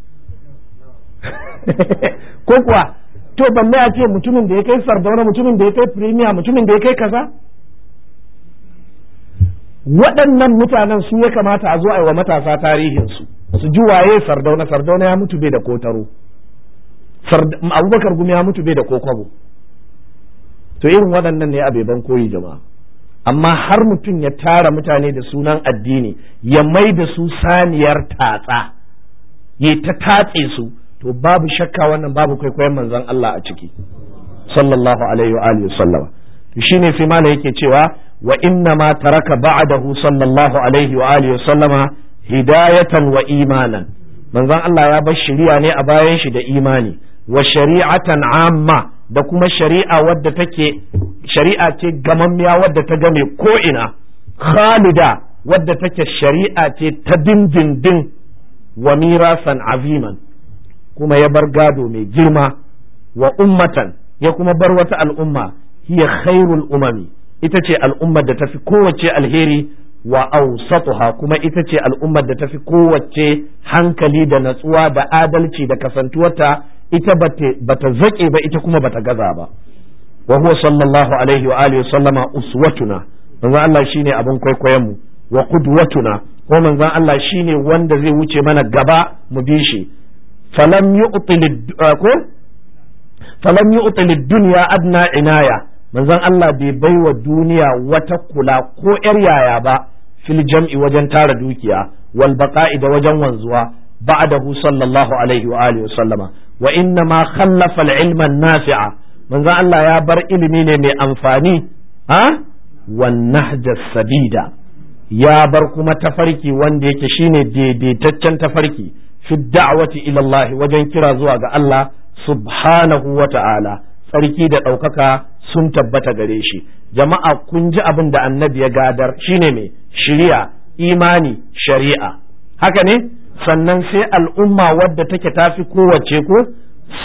ko kuwa to balle a ce mutumin da ya kai sardauna mutumin da ya kai firimiya mutumin da ya kai kaza waɗannan mutanen su ya kamata a zo a yi wa matasa tarihinsu su ji waye sardauna sardauna ya mutu bai da kotaro abubakar gumi ya mutu bai da kokwabo to irin waɗannan ne ban koyi jama'a amma har mutum ya tara mutane da sunan addini ya mai da su saniyar tatsa ya ta tatse su to babu shakka wannan babu kwaikwayon manzon Allah a ciki sallallahu alaihi wa alihi sallama to shine sai malai yake cewa wa inna ma taraka ba'dahu sallallahu alaihi wa wa sallama hidayatan wa imanan manzon Allah ya bar shari'a ne a bayan shi da imani wa shari'atan amma da kuma shari'a wadda take shari'a ce gamammiya wadda ta game ko'ina. khalida wadda take shari'a ce ta dindindin wa mirasan aziman kuma ya bar gado mai girma wa ummatan ya kuma bar wata al'umma hiya khairul umami ita ce al'ummar da tafi kowace alheri wa ausatuha kuma ita ce al'ummar da tafi kowace hankali da natsuwa da adalci da kasantuwarta ita bata zaƙe ba ita kuma bata gaza ba wa huwa sallallahu alaihi wa alihi sallama uswatuna manzon Allah shine abin kwaikwayon mu wa qudwatuna ko manzon Allah shine wanda zai wuce mana gaba mu bi shi falam yu'til eh, ko falam yu'til dunya adna inaya manzon Allah bai wa duniya wata kula ko yar yaya ba fil jam'i wajen tara dukiya wal baqa'i da wajen wanzuwa ba'dahu sallallahu alaihi wa alihi wa sallama wa inna ma khallafa ilman nafi'a manzon Allah ya bar ilimi ne mai amfani ha wan sabida ya bar kuma tafarki wanda yake shine daidaitaccen tafarki fi da'wati ila Allah wajen kira zuwa ga Allah subhanahu wa ta'ala tsarki da ɗaukaka sun tabbata gare shi jama'a kun ji abin da annabi ya gadar shine mai shari'a imani shari'a haka ne sannan sai al'umma wadda take tafi kowace ko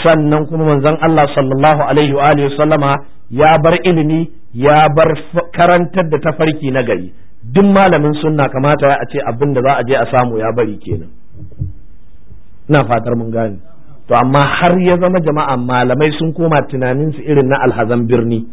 sannan kuma manzon Allah sallallahu alaihi wa alihi sallama ya bar ilimi ya bar karantar da tafarki na gari duk malamin sunna kamata a ce abin da za a je a samu ya bari kenan ina fatar mun gane to amma har ya zama jama'a malamai sun koma tunaninsu irin na alhazan birni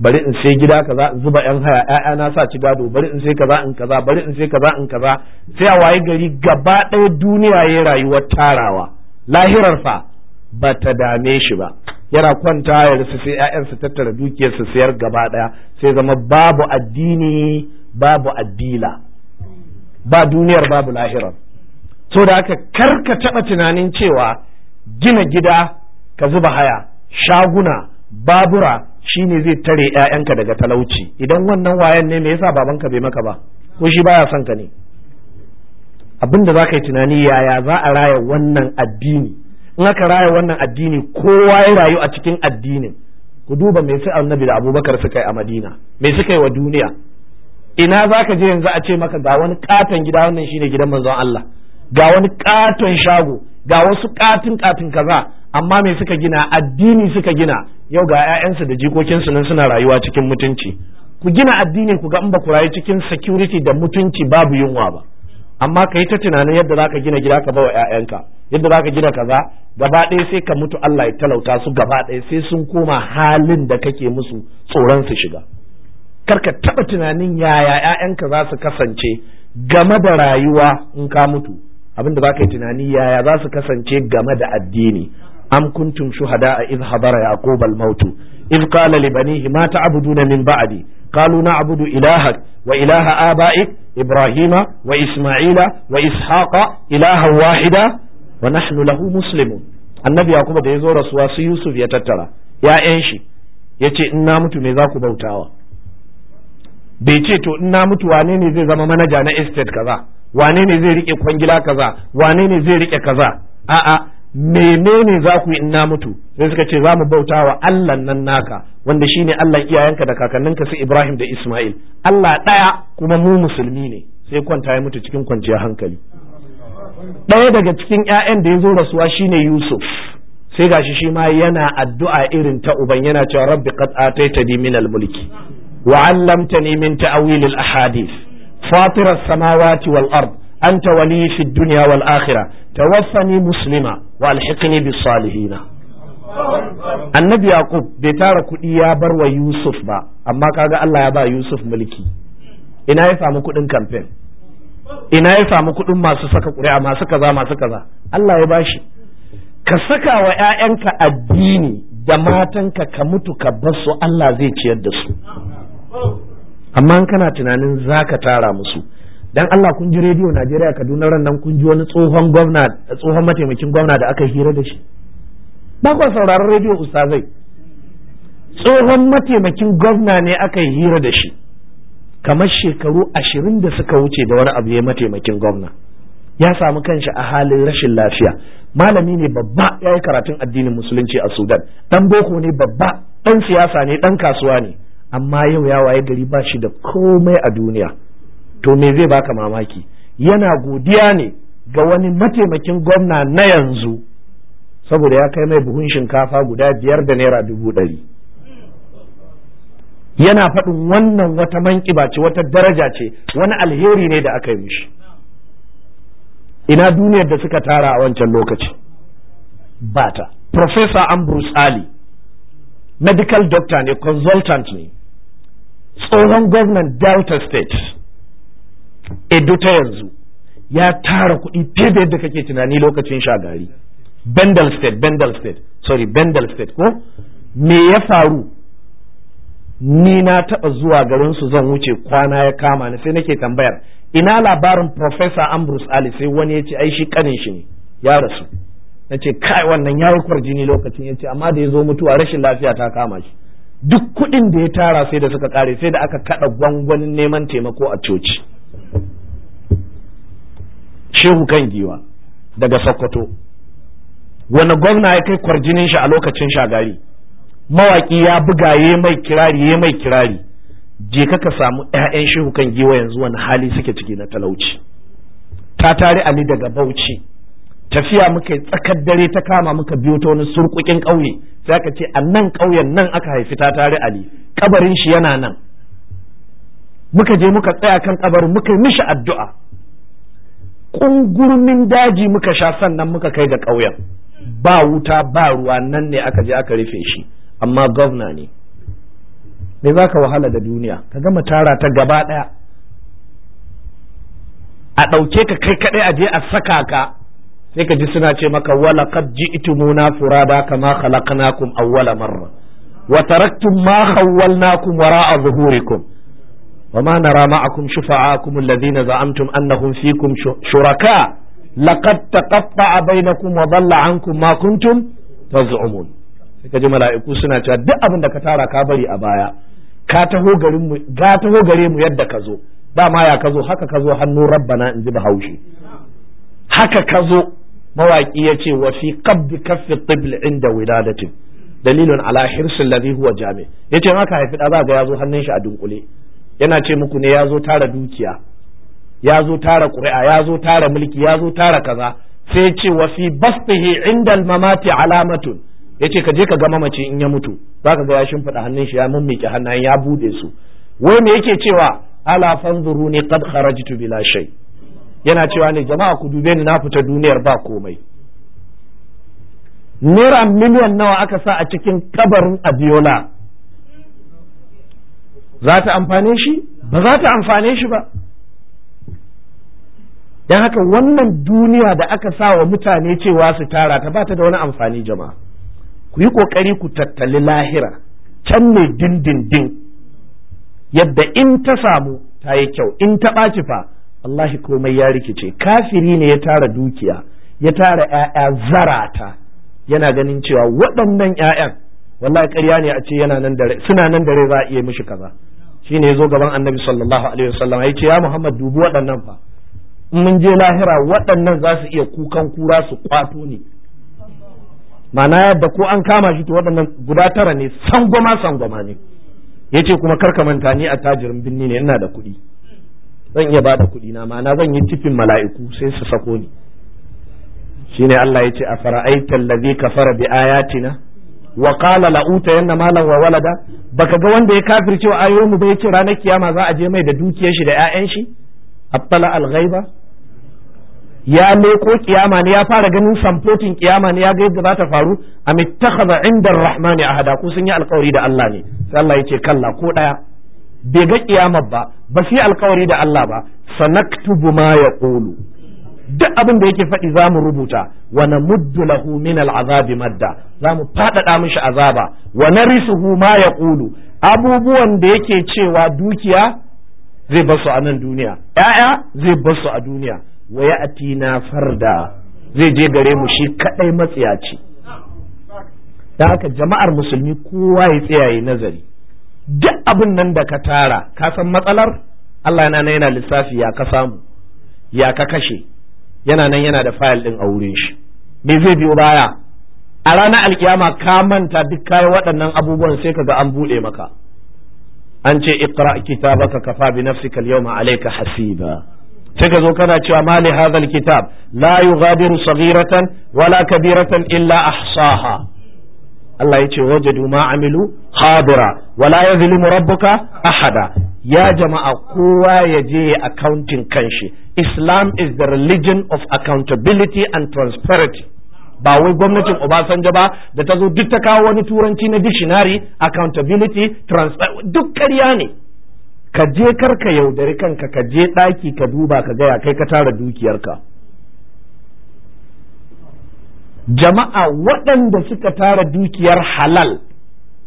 bari in sai gida kaza in zuba yan haya ƴaƴa na sa ci gado bari in sai kaza in kaza bari in sai kaza in kaza sai a waye gari gaba ɗaya duniya ya rayuwar tarawa lahirar fa ba ta dame shi ba yana kwanta ya rasu sai ƴaƴan su tattara dukiyar su sayar gaba ɗaya sai zama babu addini babu addila ba duniyar babu lahirar so da haka kar ka taɓa tunanin cewa gina gida ka zuba haya shaguna babura shine zai tare 'ya'yanka daga talauci idan wannan wayan ne me yasa babanka bai maka ba ko shi baya son ka ne Abinda da za ka yi tunani yaya za a raya wannan addini in aka raya wannan addini kowa ya rayu a cikin addinin ku duba me sai annabi da abubakar suka yi a madina me suka yi wa duniya ina za ka je yanzu a ce maka ga wani katon gida wannan shine gidan manzon Allah ga wani katon shago ga wasu katin katin kaza amma me suka gina addini suka gina yau ga 'ya'yansu da jikokinsu nan suna rayuwa cikin mutunci ku gina addini ku ga in ba ku rayu cikin security da mutunci babu yunwa ba amma ka yi ta tunanin yadda za ka gina gida ka bawa 'ya'yanka yadda za ka gina kaza gaba ɗaya sai ka mutu Allah ya talauta su gaba ɗaya sai sun koma halin da kake musu tsoron su shiga kar ka taɓa tunanin yaya 'ya'yanka za su kasance game da rayuwa in ka mutu Abin da ka yi tunani yaya za su kasance game da addini am kuntum shuhada idh habara yaqub mautu. maut idh qala li banihi ma ta'buduna min ba'di قالوا ibrahima إلهك wa آبائك wa Ishaqa وإسحاق wahida wa ونحن له مسلمون Annabi يعقوب da yazo rasuwa su Yusuf ya tattara ya'yan shi yace in na mutu me za ku bautawa bai ce to in na mutu wane ne zai zama manaja na estate kaza wane ne zai rike kwangila kaza wane ne zai rike kaza a'a menene za ku yi in na mutu sai suka ce za mu bauta wa Allah nan naka wanda shine Allah iyayenka da kakanninka su Ibrahim da Ismail Allah ɗaya kuma mu musulmi ne sai kwanta ya mutu cikin kwanciyar hankali ɗaya daga cikin ƴaƴan da ya zo rasuwa shine Yusuf sai gashi shi ma yana addu'a irin ta uban yana cewa rabbi qad ataitani min al-mulki wa 'allamtani min ta'wil al-ahadith fatirar samawati wal ard anta wali fi dunya wal ta wasani muslima wa alhiqni bis salihin annabi yaqub bai tara kuɗi ya bar wa yusuf ba amma kaga Allah ya ba yusuf mulki ina ya samu kuɗin campaign ina ya samu kuɗin masu saka ƙuri'a masu kaza masu kaza Allah ya bashi ka sakawa wa 'ya'yanka addini da matanka ka mutu ka bar su Allah zai ciyar da su amma in kana tunanin za ka tara musu dan Allah kun ji rediyo Najeriya Kaduna ran nan kun ji wani tsohon gwamna tsohon mataimakin gwamna da aka hira da shi ba ku sauraron rediyo ustazai tsohon mataimakin gwamna ne aka hira da shi kamar shekaru ashirin da suka wuce da wani abu ya mataimakin gwamna ya samu kanshi a halin rashin lafiya malami ne babba ya yi karatun addinin musulunci a sudan dan boko ne babba dan siyasa ne dan kasuwa ne amma yau ya waye gari ba shi da komai a duniya to me zai baka mamaki yana godiya ne ga wani mataimakin gwamna na yanzu saboda ya kai mai buhun shinkafa guda biyar da naira dubu ɗari yana faɗin wannan wata manƙiba ce wata daraja ce wani alheri ne da aka yi mishi ina duniyar da suka tara a wancan lokaci bata Professor Ambrose Ali medical doctor ne consultant ne tsohon gwamnan delta state edo ta yanzu ya tara kuɗi fiye da yadda kake tunani lokacin shagari bendel state bendel state sorry bendel state ko me ya faru ni na taɓa zuwa garin su zan wuce kwana ya kama ni sai nake tambayar ina labarin professor ambrose ali sai wani ya ce ai shi kanin shi ne ya rasu na ce kai wannan ya jini lokacin ya ce amma da ya zo mutuwa rashin lafiya ta kama shi duk kuɗin da ya tara sai da suka ƙare sai da aka kaɗa gwangwanin neman taimako a coci shehu kan giwa daga sokoto wani gwamna ya kai kwarjinin shi a lokacin shagari mawaƙi ya buga ya mai kirari ya mai kirari je ka samu 'ya'yan shehu kan giwa yanzu wani hali suke ciki na talauci ta tare ali daga bauchi tafiya muka tsakar dare ta kama muka biyo ta wani surkukin ƙauye sai aka ce a nan ƙauyen nan aka haifi ta tare ali kabarin shi yana nan muka je muka tsaya kan kabarin muka yi mishi addu'a ƙungurmin daji muka sha sannan muka kai ga ƙauyen ba wuta ba ruwa nan ne aka je aka rufe shi amma gwamna ne me za ka wahala da duniya ka gama tara ta gaba ɗaya a ɗauke ka kai kaɗai a je a saka ka sai ka ji suna ce maka wala qad ji'tumuna furada kama khalaqnakum awwala marra wa taraktum ma khawwalnakum wara'a zuhurikum وما نرى معكم شفعاءكم الذين زعمتم أنهم فيكم شركاء لقد تقطع بينكم وضل عنكم ما كنتم تزعمون suka ji mala'iku suna cewa duk abin da ka tara ka bari a baya ka taho garin mu ga taho gare mu yadda ka zo dama ya ka zo haka ka zo hannu rabbana in ji bahaushe haka ka zo Mawaƙi ya ce wa fi kabbi kaffi tibl inda wiladatin dalilun ala hirsin ladhi huwa jami ya ce aka haifi da za ga zo hannun shi a dunkule yana ce muku ne ya zo tara dukiya ya zo tara ƙuri'a ya zo tara mulki ya zo tara kaza sai ce wa fi bastihi inda mamati alamatun yace ka je ka gama mace in ya mutu za ka ga ya shimfiɗa hannun shi ya mummike hannayen ya buɗe su wai me yake cewa ala fanzuruni qad kharajtu bila shay' yana cewa ne jama'a ku dube ni na fita duniyar ba komai naira miliyan nawa aka sa a cikin kabarin abiola za ta amfane shi ba za ta amfane shi ba don haka wannan duniya da aka sa wa mutane cewa su tara ta bata da wani amfani jama'a ku yi ƙoƙari ku tattali lahira can ne dindindin yadda in ta samu ta yi kyau in ta ɓaci fa allahi komai ya rikice kafiri ne ya tara dukiya ya tara ‘ya'ya zarata yana ganin cewa waɗannan ‘ya'yan wallahi ƙarya ne a ce yana nan dare suna nan dare za a iya mishi kaza shine ya zo gaban annabi sallallahu alaihi wasallam ya ce ya muhammad dubu waɗannan fa in mun je lahira waɗannan za su iya kukan kura su kwato ne mana yadda ko an kama shi to waɗannan guda tara ne sangwama sangwama ne yace kuma kar ka manta ni a tajirin binni ne ina da kuɗi zan iya bada kuɗi na ma'ana zan yi tifin mala'iku sai su sako ni shine Allah ya ce a fara'aita allazi kafara bi ayatina wa qala la utayanna malam wa walada baka ga wanda ya kafirce wa ayoyin mu bai ce ranar kiyama za a je mai da dukiyar shi da ƴaƴan shi attala al-ghaiba ya leko kiyama ne ya fara ganin samfotin kiyama ne ya ga yadda za ta faru am ittakhadha inda ar a hada ko sun yi alkawari da Allah ne sai Allah ya ce kalla ko ɗaya. bai ga kiyamar ba ba su yi alkawari da Allah ba sanaktubu ma yaqulu duk abin da yake faɗi za mu rubuta wa namuddu lahu min al'azabi madda za mu faɗaɗa mishi azaba wa narisuhu ma yaqulu abubuwan da yake cewa dukiya zai basu a nan duniya Yaya zai basu a duniya wa ya'tina farda zai je gare mu shi kadai matsiyaci da haka jama'ar musulmi kowa ya tsaya yi nazari duk abin nan da ka tara ka san matsalar Allah yana yana lissafi ya ka samu ya ka kashe yana nan yana da fayil din a wurin shi me zai biyo baya a ranar alkiyama ka manta duk kayan waɗannan abubuwan sai kaga an buɗe maka an ce iqra kitabaka kafa bi nafsika ma yawma alayka hasiba sai ka zo kana cewa ma hadha al-kitab la yughadiru saghiratan wala kabiratan illa ahsaha Allah ya ce wajadu ma amilu hadira wala yazlimu rabbuka ahada ya jama'a kowa ya je ya accounting kanshi Islam is the religion of accountability and transparency ba wai gwamnatin Obasanjo ba da ta zo duk ta kawo wani turanci na dictionary accountability transparency duk ƙarya ne ka je karka yaudari kanka ka je ɗaki ka duba ka gaya kai ka tara dukiyarka jama'a waɗanda suka tara dukiyar halal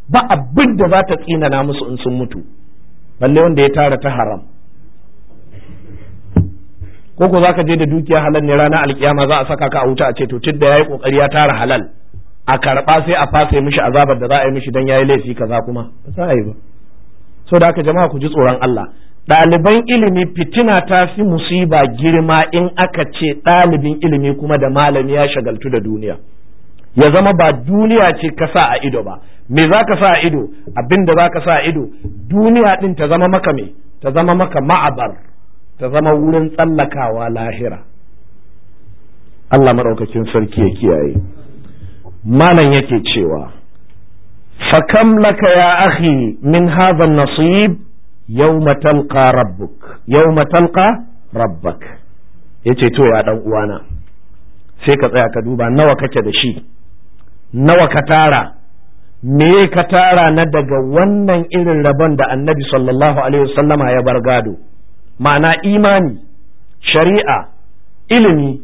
ba abin da za ta na musu in sun mutu balle wanda ya tara ta haram ko ko za ka je da dukiyar halal ne ranar alkiyama za a saka ka a wuta a ce to tun da ya yi ƙoƙari ya tara halal a karɓa sai a fasa mishi azabar da za a yi mishi don ya yi laifi kaza kuma ba za a yi ba so da haka jama'a ku ji tsoron Allah ɗaliban ilimi fitina ta fi musiba girma in aka ce ɗalibin ilimi kuma da malami ya shagaltu da duniya ya zama ba duniya ce ka sa a ido ba me za ka sa a ido abin da za ka sa a ido duniya ɗin ta zama maka me ta zama maka ma'abar ta zama wurin tsallakawa lahira Allah maɗaukakin sarki ya kiyaye malam yake cewa fakam laka ya akhi min hadha nasib yawma talqa rabbuk yawma talqa rabbak yace to ya dan uwana sai ka tsaya ka duba nawa kake da shi nawa ka tara me ka tara na daga wannan irin rabon da annabi sallallahu alaihi wasallama ya bar gado ma'ana imani shari'a ilimi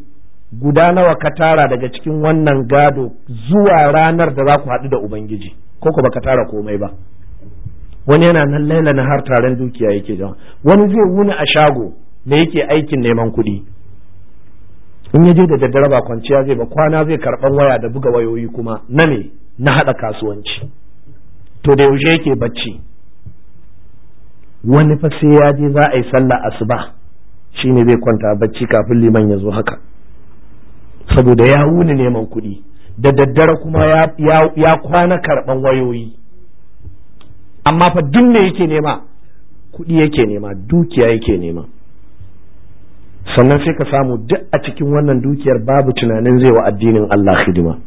guda nawa ka tara daga cikin wannan gado zuwa ranar da za ku haɗu da ubangiji ko ku baka tara komai ba wani yana nan laila na har taron dukiya yake jama wani zai wuni a shago da yake aikin neman kuɗi in ya je da daddare ba kwanciya zai ba kwana zai karɓar waya da buga wayoyi kuma na me na haɗa kasuwanci to da yaushe yake bacci wani fa sai ya je za a yi sallah asuba shine zai kwanta bacci kafin liman ya zo haka saboda ya wuni neman kuɗi da daddare kuma ya kwana karɓan wayoyi amma fa duk me yake nema kuɗi yake nema dukiya yake nema sannan sai ka samu duk a cikin wannan dukiyar babu tunanin zai wa addinin Allah hidima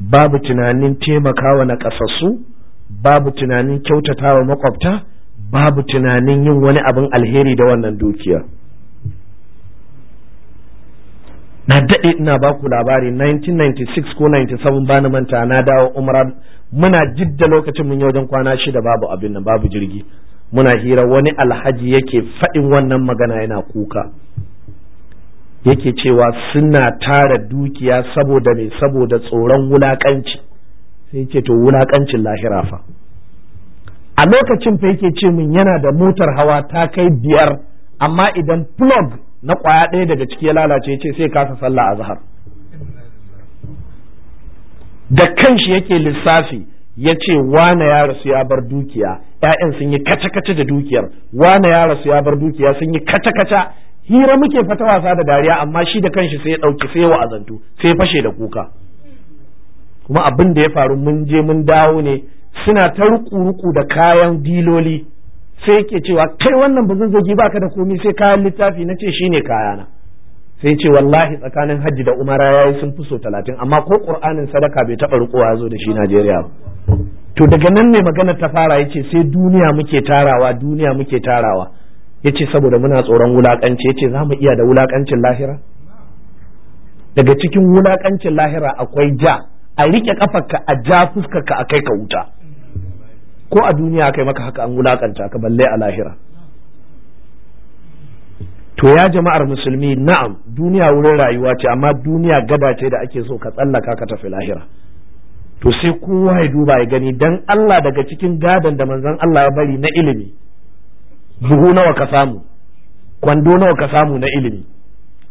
babu tunanin taimakawa na ƙasassu babu tunanin kyautatawa makwabta babu tunanin yin wani abin alheri da wannan dukiya na daɗe ina ba ku labari 1996 ko 97 bani manta na dawo umra muna jidda lokacin mun yi wajen kwana shida babu abin nan babu jirgi muna hira wani alhaji yake faɗin wannan magana yana kuka yake cewa suna tara dukiya saboda me saboda tsoron wulakanci sai ce to wulakancin lahira fa a lokacin fa yake ce min yana da motar hawa ta kai biyar amma idan plug na kwaya ɗaya daga ciki ya lalace ce sai kasa sallah a zahar da kanshi yake lissafi ya ce wane ya rasu ya bar dukiya ‘ya'yan sun yi kaca-kaca da dukiyar wane ya rasu ya bar dukiya sun yi kaca-kaca hira muke fata wasa da dariya amma shi da kanshi sai ya ɗauki sai wa azantu sai fashe da kuka kuma abin da ya faru mun je mun dawo ne suna ta ruku-ruku da kayan diloli sai yake cewa kai wannan ba zazzagi baka da komai sai kayan littafi na ce shine kayana sai ce wallahi tsakanin hajji da umara yayi sun fi so talatin amma ko ƙur'anin sadaka bai taɓa ya zo da shi najeriya ba to daga nan ne magana ta fara yace sai duniya muke tarawa duniya muke tarawa yace saboda muna tsoron wulakanci yace za mu iya da wulakancin lahira daga cikin wulakancin lahira akwai ja a rike kafarka a ja fuskarka a kai ka wuta ko a duniya kai maka haka an wulakanta ka balle a lahira to ya jama'ar musulmi na'am duniya wurin rayuwa ce amma duniya gada ce da ake so ka tsallaka ka tafi lahira to sai kowa ya duba ya gani dan Allah daga cikin gadon da manzon Allah ya bari na ilimi buhu nawa ka samu kwando nawa ka samu na ilimi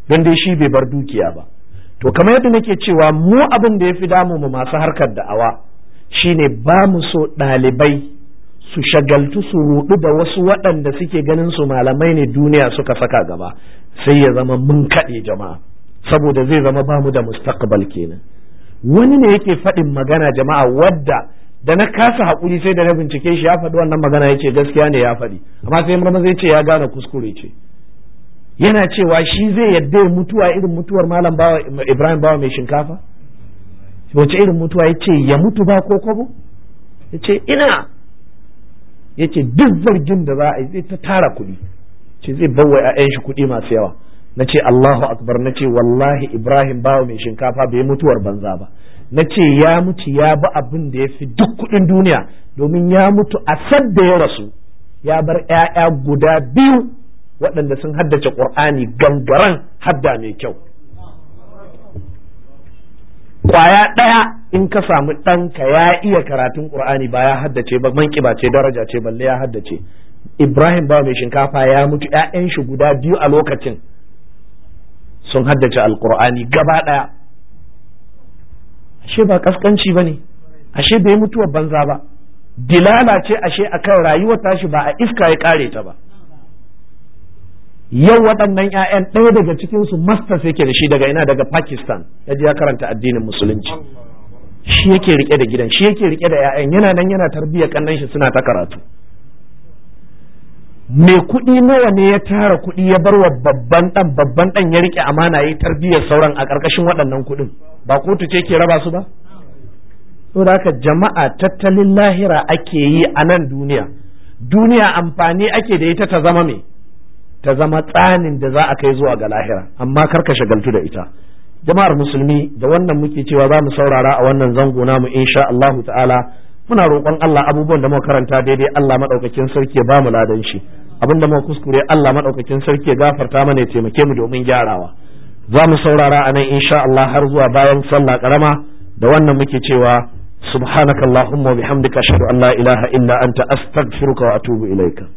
don dai shi bai bar dukiya ba to kamar yadda nake cewa mu abin da ya fi damu mu masu harkar da'awa Shi ne ba mu so ɗalibai su shagaltu su rudu da wasu waɗanda suke ganin su malamai ne duniya suka saka gaba sai ya zama mun kaɗe jama'a saboda zai zama ba mu da mustaqbal kenan wani ne yake faɗin magana jama'a wadda da na kasa haƙuri sai da na bincike shi ya faɗi wannan magana ya ce gaskiya ne ya faɗi amma sai murma zai ce ya gane kuskure ce yana cewa shi zai yadda mutuwa irin mutuwar malam bawa ibrahim bawa mai shinkafa wace irin mutuwa ya ce ya mutu ba ko kwabo ya ce ina ya ce duk zargin da za a yi zai ta tara kuɗi ce zai bawa 'ya'yan shi kuɗi masu yawa na ce Allahu akbar na ce wallahi Ibrahim bawa mai shinkafa bai mutuwar banza ba na ce ya mutu ya bi abin da ya fi duk kuɗin duniya domin ya mutu a sadda ya rasu ya bar 'ya'ya guda biyu waɗanda sun haddace ƙur'ani gangaran hadda mai kyau kwaya ɗaya in ka samu ɗanka ya iya karatun ƙur'ani ba ya haddace ba man ba ce daraja ce balle ya haddace ibrahim ba mai shinkafa ya mutu ƴaƴan shi guda biyu a lokacin sun haddace alƙur'ani gaba ɗaya ashe ba ƙasƙanci ba ne ashe bai mutuwa banza ba dilala ce ashe kan rayuwar tashi ba a iska ya ƙare ta ba yau waɗannan 'ya'yan ɗaya daga cikinsu masta sai yake da shi daga ina daga Pakistan ya ya karanta addinin musulunci shi yake rike da gidan shi yake rike da 'ya'yan yana nan yana tarbiyyar kannan shi suna ta karatu mai kuɗi nawa ne ya tara kuɗi ya bar wa babban ɗan babban ɗan ya rike amana ya yi tarbiyyar sauran a ƙarƙashin waɗannan kuɗin ba kotu ce ke raba su ba saboda haka jama'a tattalin lahira ake yi a nan duniya duniya amfani ake da ita ta zama mai ta zama tsanin da za a kai zuwa ga lahira amma kar ka shagaltu da ita jama'ar musulmi da wannan muke cewa za mu saurara a wannan zango namu insha Allahu ta'ala muna roƙon Allah abubuwan da muka karanta daidai Allah madaukakin sarki ya bamu ladan shi abin da muka kuskure Allah madaukakin sarki ya gafarta mana ya taimake mu domin gyarawa za mu saurara a nan insha Allah har zuwa bayan sallah karama da wannan muke cewa subhanakallahumma wa bihamdika ashhadu an la ilaha illa anta astaghfiruka wa atubu ilaika